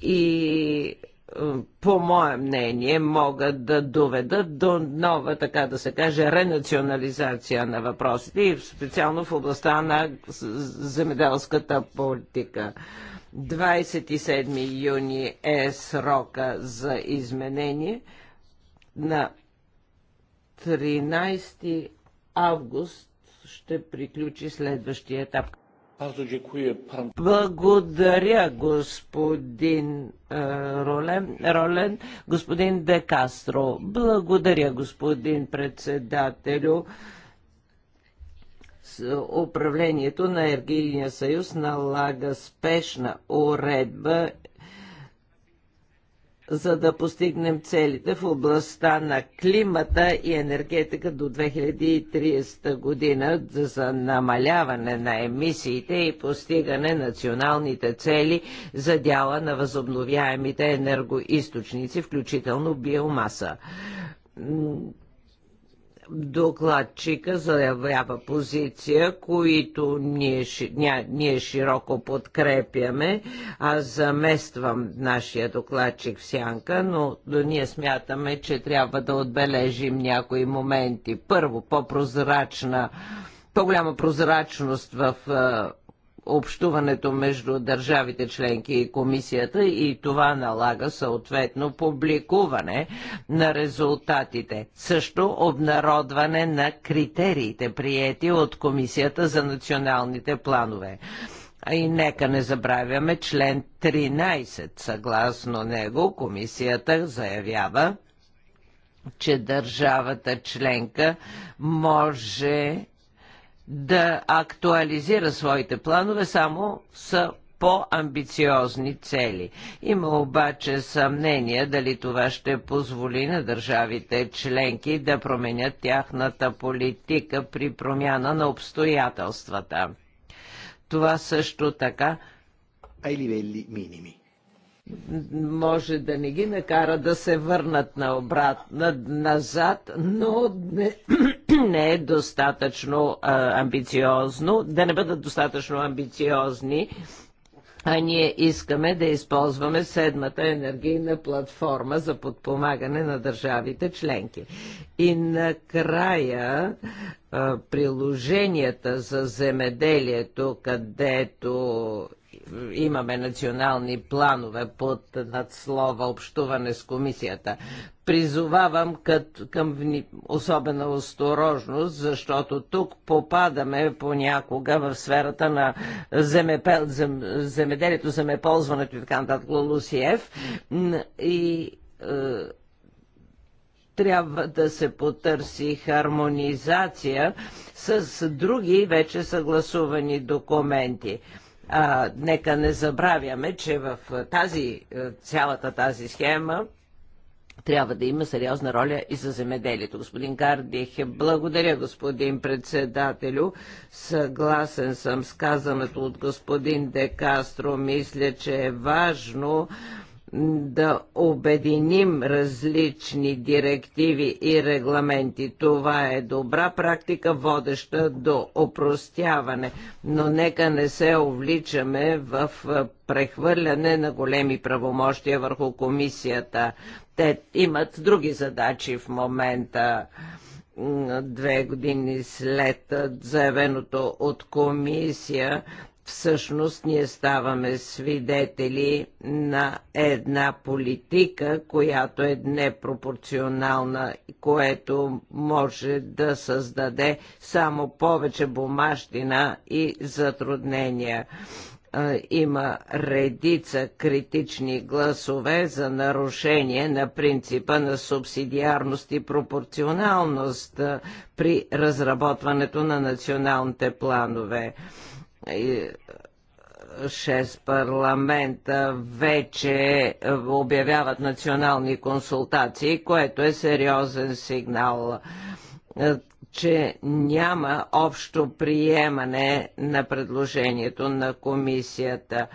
И е, по мое мнение, могат да доведат до нова, така да се каже, ренационализация на въпросите и специално в областта на земеделската политика. 27 юни е срока за изменение на 13 август ще приключи следващия етап. Благодаря, господин е, Ролен, Ролен, господин Де Кастро. Благодаря, господин председателю. С управлението на Енергийния съюз налага спешна уредба за да постигнем целите в областта на климата и енергетика до 2030 година за намаляване на емисиите и постигане на националните цели за дяла на възобновяемите енергоисточници, включително биомаса Докладчика заявява позиция, които ние, ня, ние широко подкрепяме. Аз замествам нашия докладчик в сянка, но ние смятаме, че трябва да отбележим някои моменти. Първо, по-прозрачна по-голяма прозрачност в общуването между държавите членки и комисията и това налага съответно публикуване на резултатите. Също обнародване на критериите, приети от комисията за националните планове. А и нека не забравяме член 13. Съгласно него комисията заявява, че държавата членка може да актуализира своите планове само са по-амбициозни цели. Има обаче съмнение дали това ще позволи на държавите членки да променят тяхната политика при промяна на обстоятелствата. Това също така ai livelli minimi може да не ги накара да се върнат наобрат, назад, но не, [CLEARS THROAT] не е достатъчно а, амбициозно, да не бъдат достатъчно амбициозни, а ние искаме да използваме седмата енергийна платформа за подпомагане на държавите членки. И накрая а, приложенията за земеделието, където имаме национални планове под надслова общуване с комисията. Призовавам кът, към вни... особена осторожност, защото тук попадаме понякога в сферата на земепел... зем... земеделието, земеползването и така нататък, Лусиев. И е трябва да се потърси хармонизация с други вече съгласувани документи. А, нека не забравяме, че в тази, цялата тази схема трябва да има сериозна роля и за земеделието. Господин Гардих, благодаря, господин председателю. Съгласен съм с казаното от господин Декастро. Мисля, че е важно да обединим различни директиви и регламенти. Това е добра практика, водеща до опростяване, но нека не се увличаме в прехвърляне на големи правомощия върху комисията. Те имат други задачи в момента две години след заявеното от комисия, всъщност ние ставаме свидетели на една политика, която е непропорционална, което може да създаде само повече бумащина и затруднения има редица критични гласове за нарушение на принципа на субсидиарност и пропорционалност при разработването на националните планове. Е, шест парламента вече е, обявяват национални консултации, което е сериозен сигнал е, че няма общо приемане на предложението на комисията.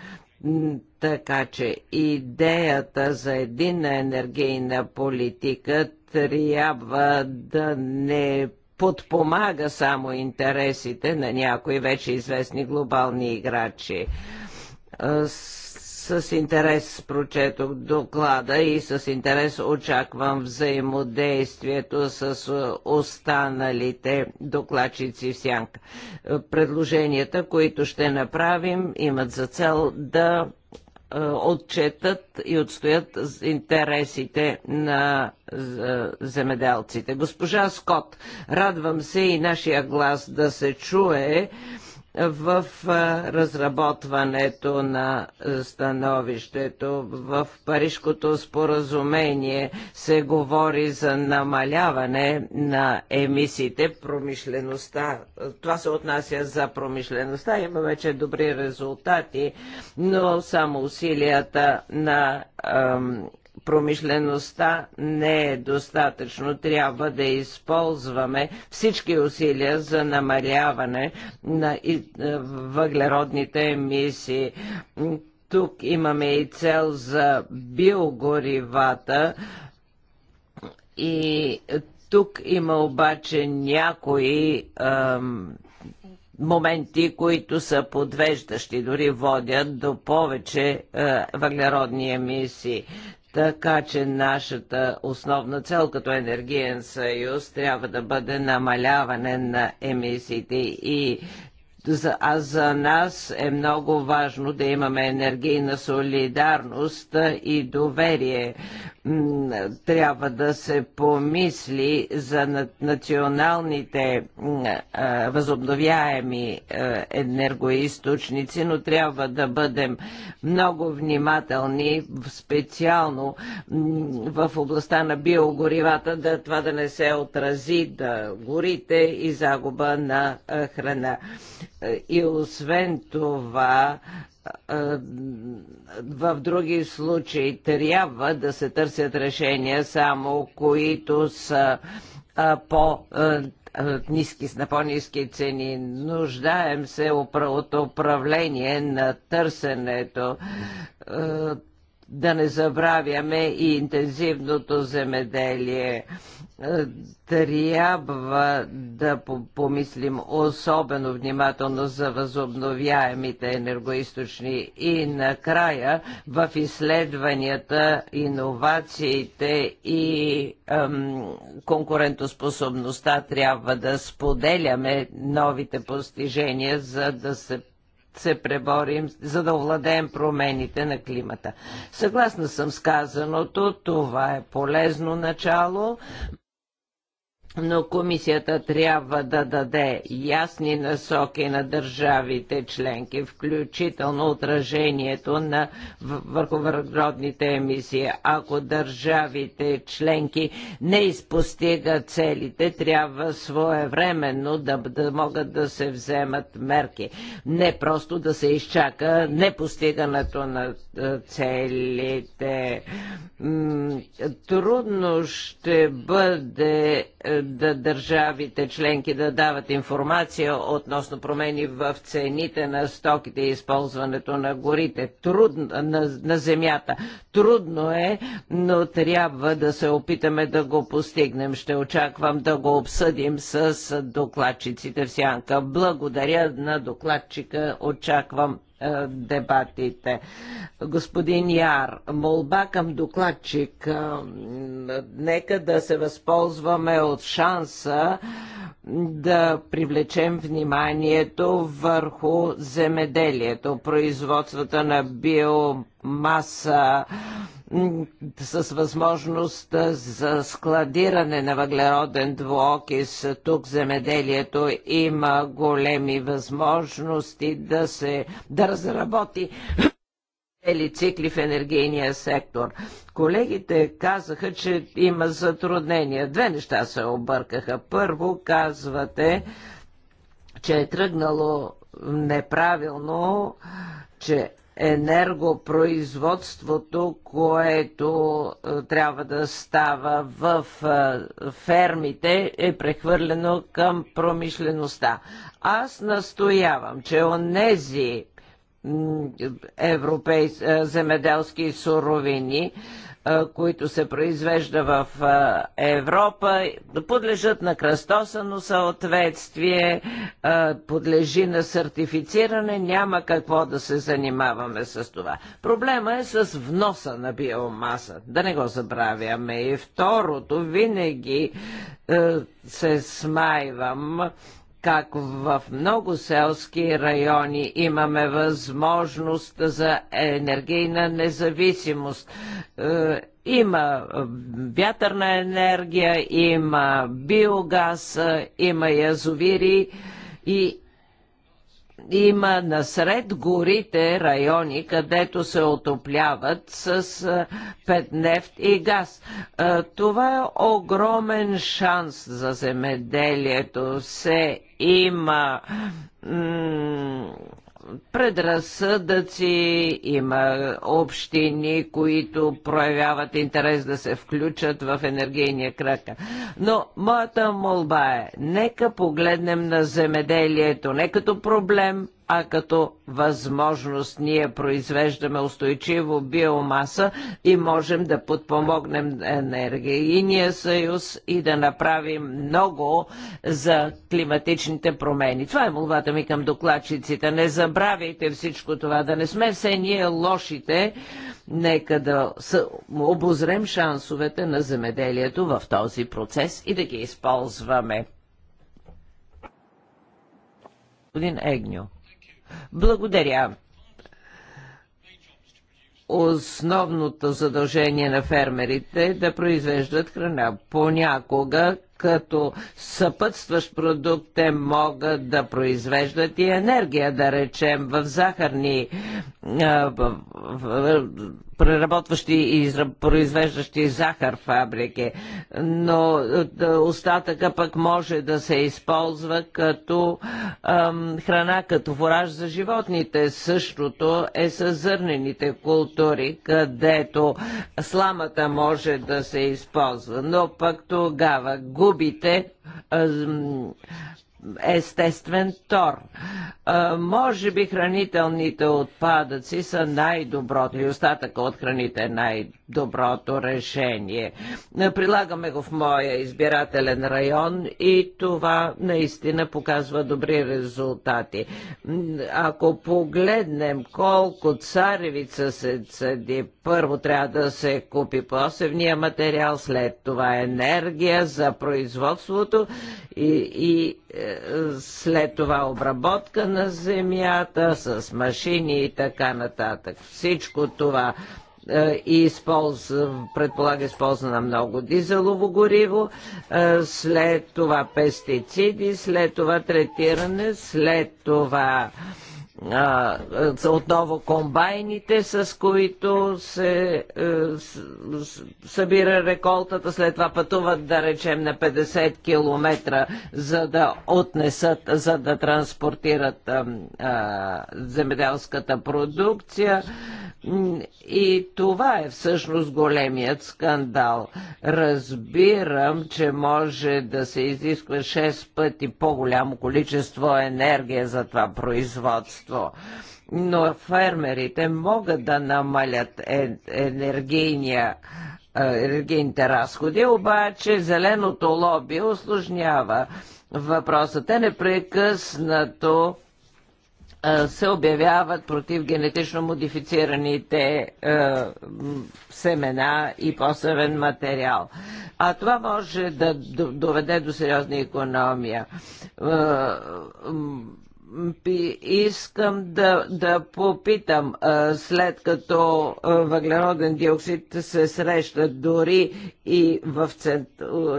Така че идеята за единна енергийна политика трябва да не подпомага само интересите на някои вече известни глобални играчи. С, с интерес прочетох доклада и с интерес очаквам взаимодействието с останалите докладчици в сянка. Предложенията, които ще направим, имат за цел да е, отчетат и отстоят интересите на е, земеделците. Госпожа Скот, радвам се и нашия глас да се чуе в разработването на становището. В Парижкото споразумение се говори за намаляване на емисиите, промишлеността. Това се отнася за промишлеността. Има вече добри резултати, но само усилията на промишлеността не е достатъчно. Трябва да използваме всички усилия за намаляване на е, въглеродните емисии. Тук имаме и цел за биогоривата и тук има обаче някои ам, моменти, които са подвеждащи, дори водят до повече а, е, въглеродни емисии. Така че нашата основна цел като енергиен съюз трябва да бъде намаляване на емисиите и за, а за нас е много важно да имаме енергийна солидарност и доверие. Трябва да се помисли за националните възобновяеми енергоисточници, но трябва да бъдем много внимателни, специално в областта на биогоривата, да това да не се отрази да горите и загуба на храна. И освен това, в други случаи трябва да се търсят решения само които са по ниски, на по-низки цени. Нуждаем се от управление на търсенето. Да не забравяме и интензивното земеделие. Е, трябва да помислим особено внимателно за възобновяемите енергоисточни и накрая в изследванията, иновациите и ем, конкурентоспособността трябва да споделяме новите постижения, за да се се преборим, за да овладеем промените на климата. Съгласна съм с казаното, това е полезно начало но комисията трябва да даде ясни насоки на държавите членки, включително отражението на върху емисии. Ако държавите членки не изпостигат целите, трябва своевременно да, да могат да се вземат мерки. Не просто да се изчака непостигането на е, целите. Трудно ще бъде е, да държавите членки да дават информация относно промени в цените на стоките и използването на горите Трудно, на, на земята. Трудно е, но трябва да се опитаме да го постигнем. Ще очаквам да го обсъдим с докладчиците в сянка. Благодаря на докладчика. Очаквам е, дебатите. Господин Яр, молба към докладчик. Е, нека да се възползваме от шанса да привлечем вниманието върху земеделието, производствата на биомаса, с възможност за складиране на въглероден двуокис. Тук земеделието има големи възможности да се да разработи цели цикли в енергийния сектор. Колегите казаха, че има затруднения. Две неща се объркаха. Първо казвате, че е тръгнало неправилно, че енергопроизводството, което е, трябва да става в е, фермите, е прехвърлено към промишлеността. Аз настоявам, че онези европейски е, земеделски суровини, които се произвежда в Европа, подлежат на кръстосано съответствие, подлежи на сертифициране, няма какво да се занимаваме с това. Проблема е с вноса на биомаса, да не го забравяме. И второто, винаги се смайвам, как в много селски райони имаме възможност за енергийна независимост. Е, има е, вятърна енергия, има биогаз, е, има язовири и има насред горите райони, където се отопляват с пет нефт и газ. Това е огромен шанс за земеделието. Се има предразсъдъци, има общини, които проявяват интерес да се включат в енергийния кръг. Но моята молба е, нека погледнем на земеделието не като проблем, а като възможност ние произвеждаме устойчиво биомаса и можем да подпомогнем енергийния съюз и да направим много за климатичните промени. Това е молбата ми към докладчиците. Не забравяйте всичко това, да не сме все ние лошите. Нека да обозрем шансовете на земеделието в този процес и да ги използваме. Господин Егню, благодаря. Основното задължение на фермерите е да произвеждат храна. Понякога, като съпътстващ продукт, те могат да произвеждат и енергия, да речем, в захарни преработващи и произвеждащи захар фабрики, но е, остатъка пък може да се използва като ам, храна, като фураж за животните. Същото е с зърнените култури, където сламата може да се използва, но пък тогава губите ам, естествен тор. А, може би хранителните отпадъци са най-доброто и остатъка от храните е най-доброто решение. Прилагаме го в моя избирателен район и това наистина показва добри резултати. Ако погледнем колко царевица се цъди, първо трябва да се купи посевния материал, след това енергия за производството и, и е, след това обработка на земята с машини и така нататък. Всичко това и е, използ, предполага използване на много дизелово гориво, е, след това пестициди, след това третиране, след това а, отново комбайните, с които се е, с, с, събира реколтата, след това пътуват, да речем, на 50 км, за да отнесат, за да транспортират а, а, земеделската продукция. И това е всъщност големият скандал. Разбирам, че може да се изисква 6 пъти по-голямо количество енергия за това производство но фермерите могат да намалят е, енергийния е, енергийните разходи, обаче зеленото лоби осложнява въпроса. Те непрекъснато се обявяват против генетично модифицираните е, семена и посевен материал. А това може да доведе до сериозна економия. Е, искам да, да попитам, след като въглероден диоксид се среща дори и в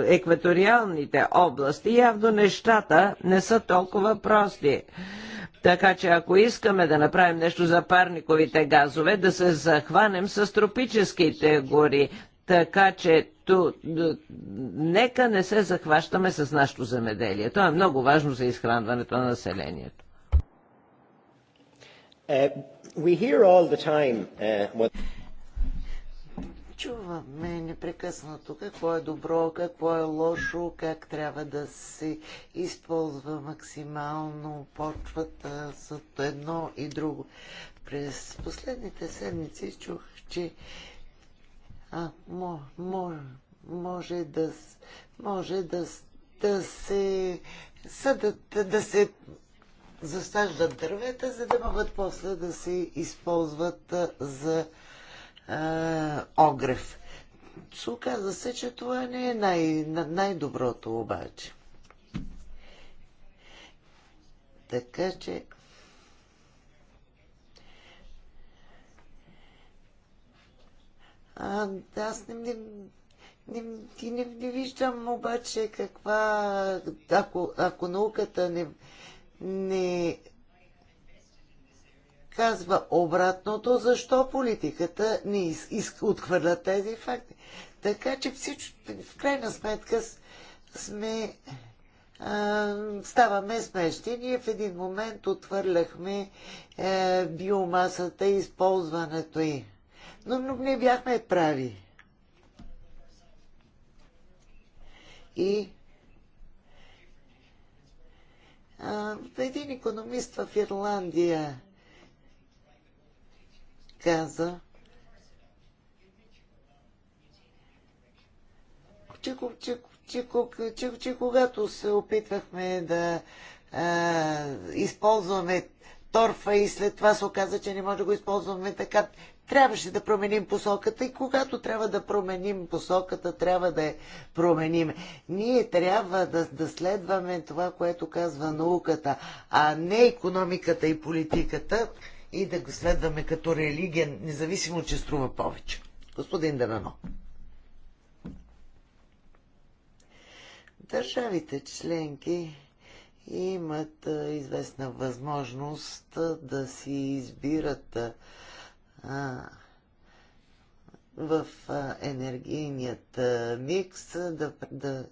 екваториалните области, явно нещата не са толкова прости. Така че ако искаме да направим нещо за парниковите газове, да се захванем с тропическите гори. Така че ту, нека не се захващаме с нашето земеделие. То е много важно за изхранването на населението. Uh, we hear all the time, uh, what... Чуваме непрекъснато какво е добро, какво е лошо, как трябва да се използва максимално почвата за едно и друго. През последните седмици чух, че а, може, може да, може да, да се съдат, да се засаждат дървета, за да могат после да се използват за огрев. Се оказа се, че това не е най, най-доброто обаче. Така че А, аз не, не, не, не, не виждам обаче каква... Ако, ако науката не, не казва обратното, защо политиката не из, из, отхвърля тези факти. Така че всичко, в крайна сметка сме, а, ставаме смещи. Ние в един момент отвърляхме е, биомасата и използването й. Но, но не бяхме прави. И а, един економист в Ирландия каза, че, че, че, че, че когато се опитвахме да а, използваме торфа и след това се оказа, че не може да го използваме така, трябваше да променим посоката и когато трябва да променим посоката, трябва да я променим. Ние трябва да, да следваме това, което казва науката, а не економиката и политиката и да го следваме като религия, независимо, че струва повече. Господин Дарано. Държавите членки имат известна възможност да си избират а, в енергийният микс да, да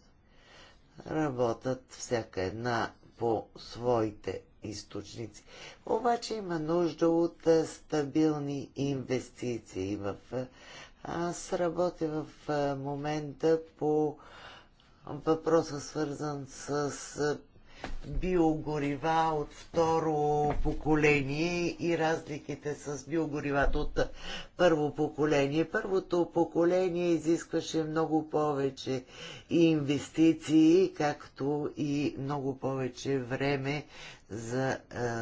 работят всяка една по своите източници. Обаче има нужда от стабилни инвестиции. В... Аз работя в момента по въпроса свързан с биогорива от второ поколение и разликите с биогоривата от първо поколение. Първото поколение изискваше много повече инвестиции, както и много повече време за е,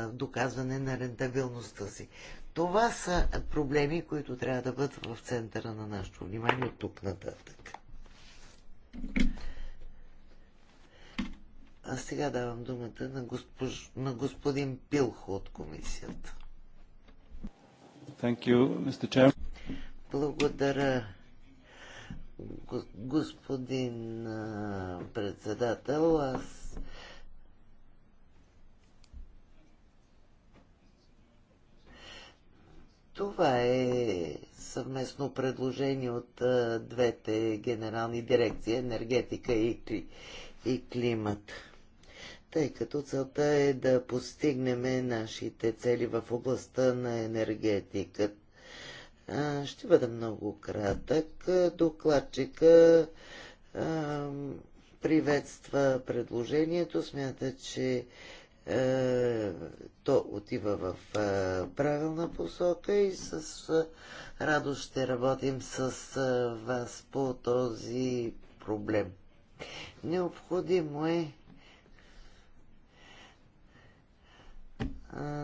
доказване на рентабилността си. Това са проблеми, които трябва да бъдат в центъра на нашето внимание от тук нататък. А сега давам думата на, госпож... на господин Пилхо от комисията. Thank you, Mr. Chair. Благодаря, господин председател. Аз Това е съвместно предложение от двете генерални дирекции енергетика и, и климат. Тъй като целта е да постигнем нашите цели в областта на енергетиката. Ще бъда много кратък. Докладчика приветства предложението. Смята, че е, то отива в е, правилна посока и с е, радост ще работим с вас по този проблем. Необходимо е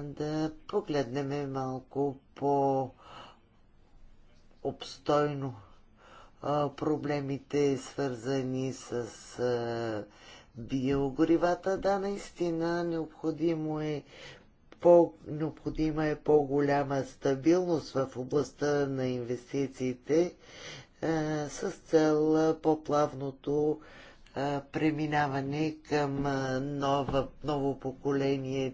да погледнем малко по обстойно проблемите, свързани с биогоривата. Да, наистина необходимо е по, необходима е по-голяма стабилност в областта на инвестициите е, с цел по-плавното е, преминаване към е, нова, ново поколение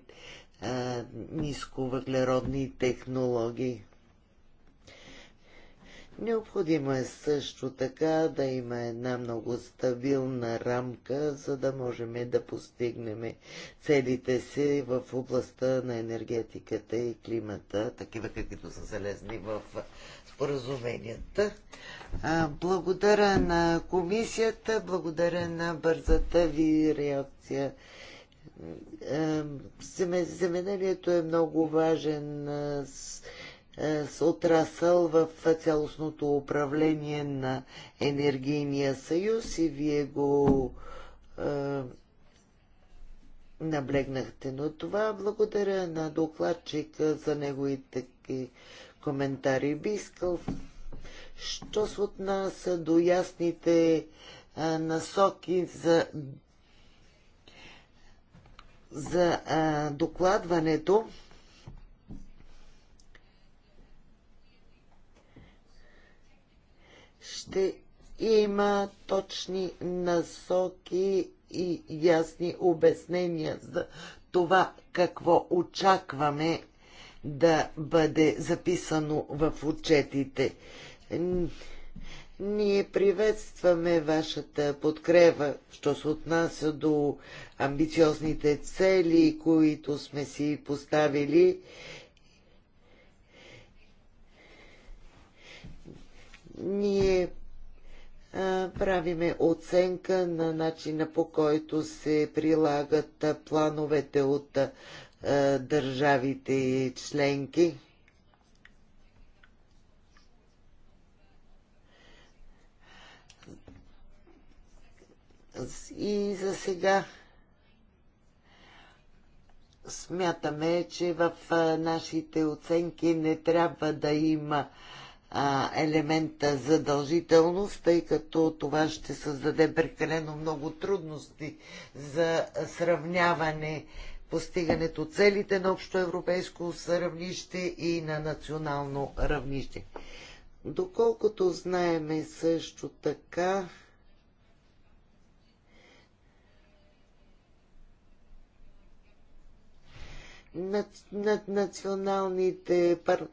нисковъглеродни технологии. Необходимо е също така да има една много стабилна рамка, за да можем да постигнем целите си в областта на енергетиката и климата, такива каквито са залезни в споразуменията. Благодаря на комисията, благодаря на бързата ви реакция. Земеделието е много важен е, отрасъл в цялостното управление на енергийния съюз и вие го е, наблегнахте. Но това благодаря на докладчика за неговите коментари. Би искал, що се отнася до ясните е, насоки за за а, е, докладването ще има точни насоки и ясни обяснения за това какво очакваме да бъде записано в отчетите. Ние приветстваме вашата подкрепа, що се отнася до амбициозните цели, които сме си поставили. Ние правиме оценка на начина по който се прилагат плановете от е, държавите и членки. И за сега смятаме, че в е, нашите оценки не трябва да има елемента задължителност, тъй като това ще създаде прекалено много трудности за сравняване постигането целите на общо европейско сравнище и на национално равнище. Доколкото знаеме също така, над, националните пар,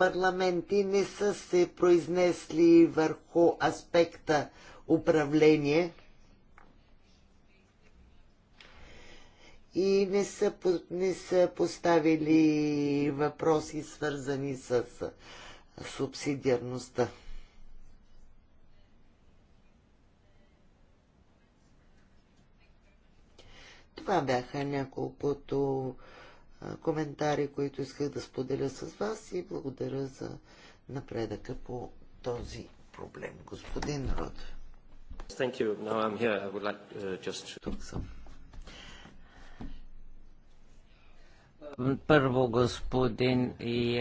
парламенти не са се произнесли върху аспекта управление и не са, не са поставили въпроси свързани с субсидиарността. Това бяха няколкото коментари, които исках да споделя с вас и благодаря за напредъка по този проблем. Господин Род. Like, uh, just... Тук съм. Първо господин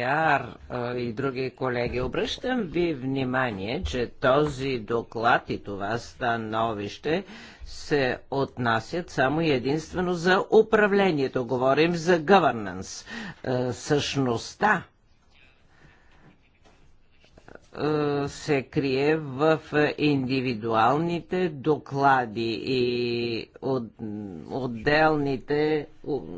Яр и други колеги, обръщам ви внимание, че този доклад и това становище се отнасят само единствено за управлението. Говорим за governance. Е, същността е, се крие в индивидуалните доклади и от, отделните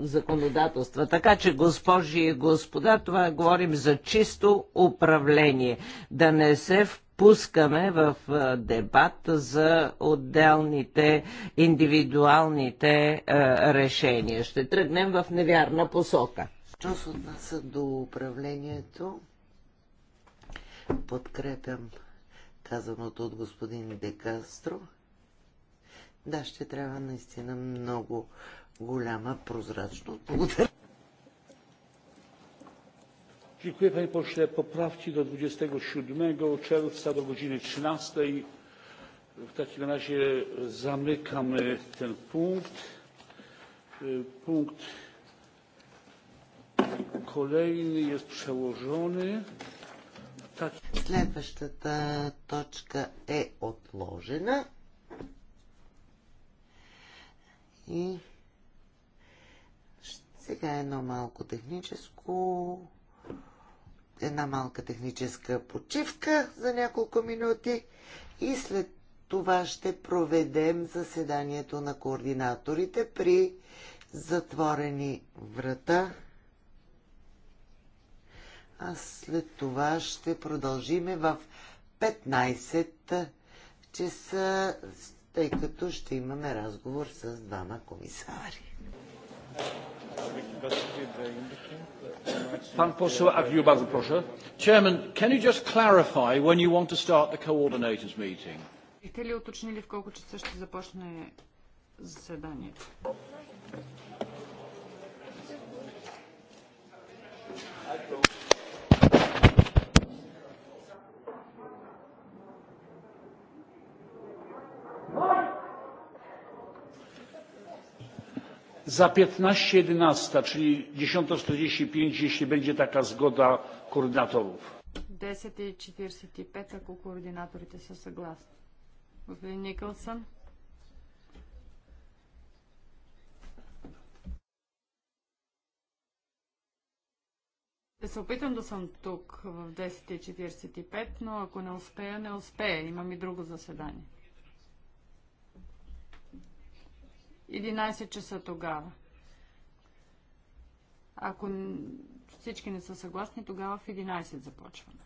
законодателства. Така че, госпожи и господа, това говорим за чисто управление. Да не се впускаме в е, дебат за отделните индивидуалните е, решения. Ще тръгнем в невярна посока. Що се отнася до управлението, Подкрепям казаното от господин Декастро. Да, ще трябва наистина много голяма прозрачност. Благодаря. Dziękuję panie pośle. Poprawki do 27 czerwca do godziny 13. W takim razie zamykamy ten punkt. Punkt kolejny jest przełożony. Следващата точка е отложена. И сега е едно малко техническо една малка техническа почивка за няколко минути и след това ще проведем заседанието на координаторите при затворени врата а след това ще продължиме в 15 часа, тъй като ще имаме разговор с двама комисари. Pan poseł Agnew, bardzo proszę. Chairman, can you just clarify when you want to start the coordinators meeting? Бихте ли уточнили в колко часа ще започне заседанието? I za piętnaście jedenaście czyli dziesięć czterdzieści pięć jeśli będzie taka zgoda koordynatorów. 10.45, ако координаторите са съгласни. Господин Никълсън. Ще се опитам да съм тук в 10.45, но ако не успея, не успея. Имам и друго заседание. 11 часа тогава. Ако всички не са съгласни, тогава в 11 започваме.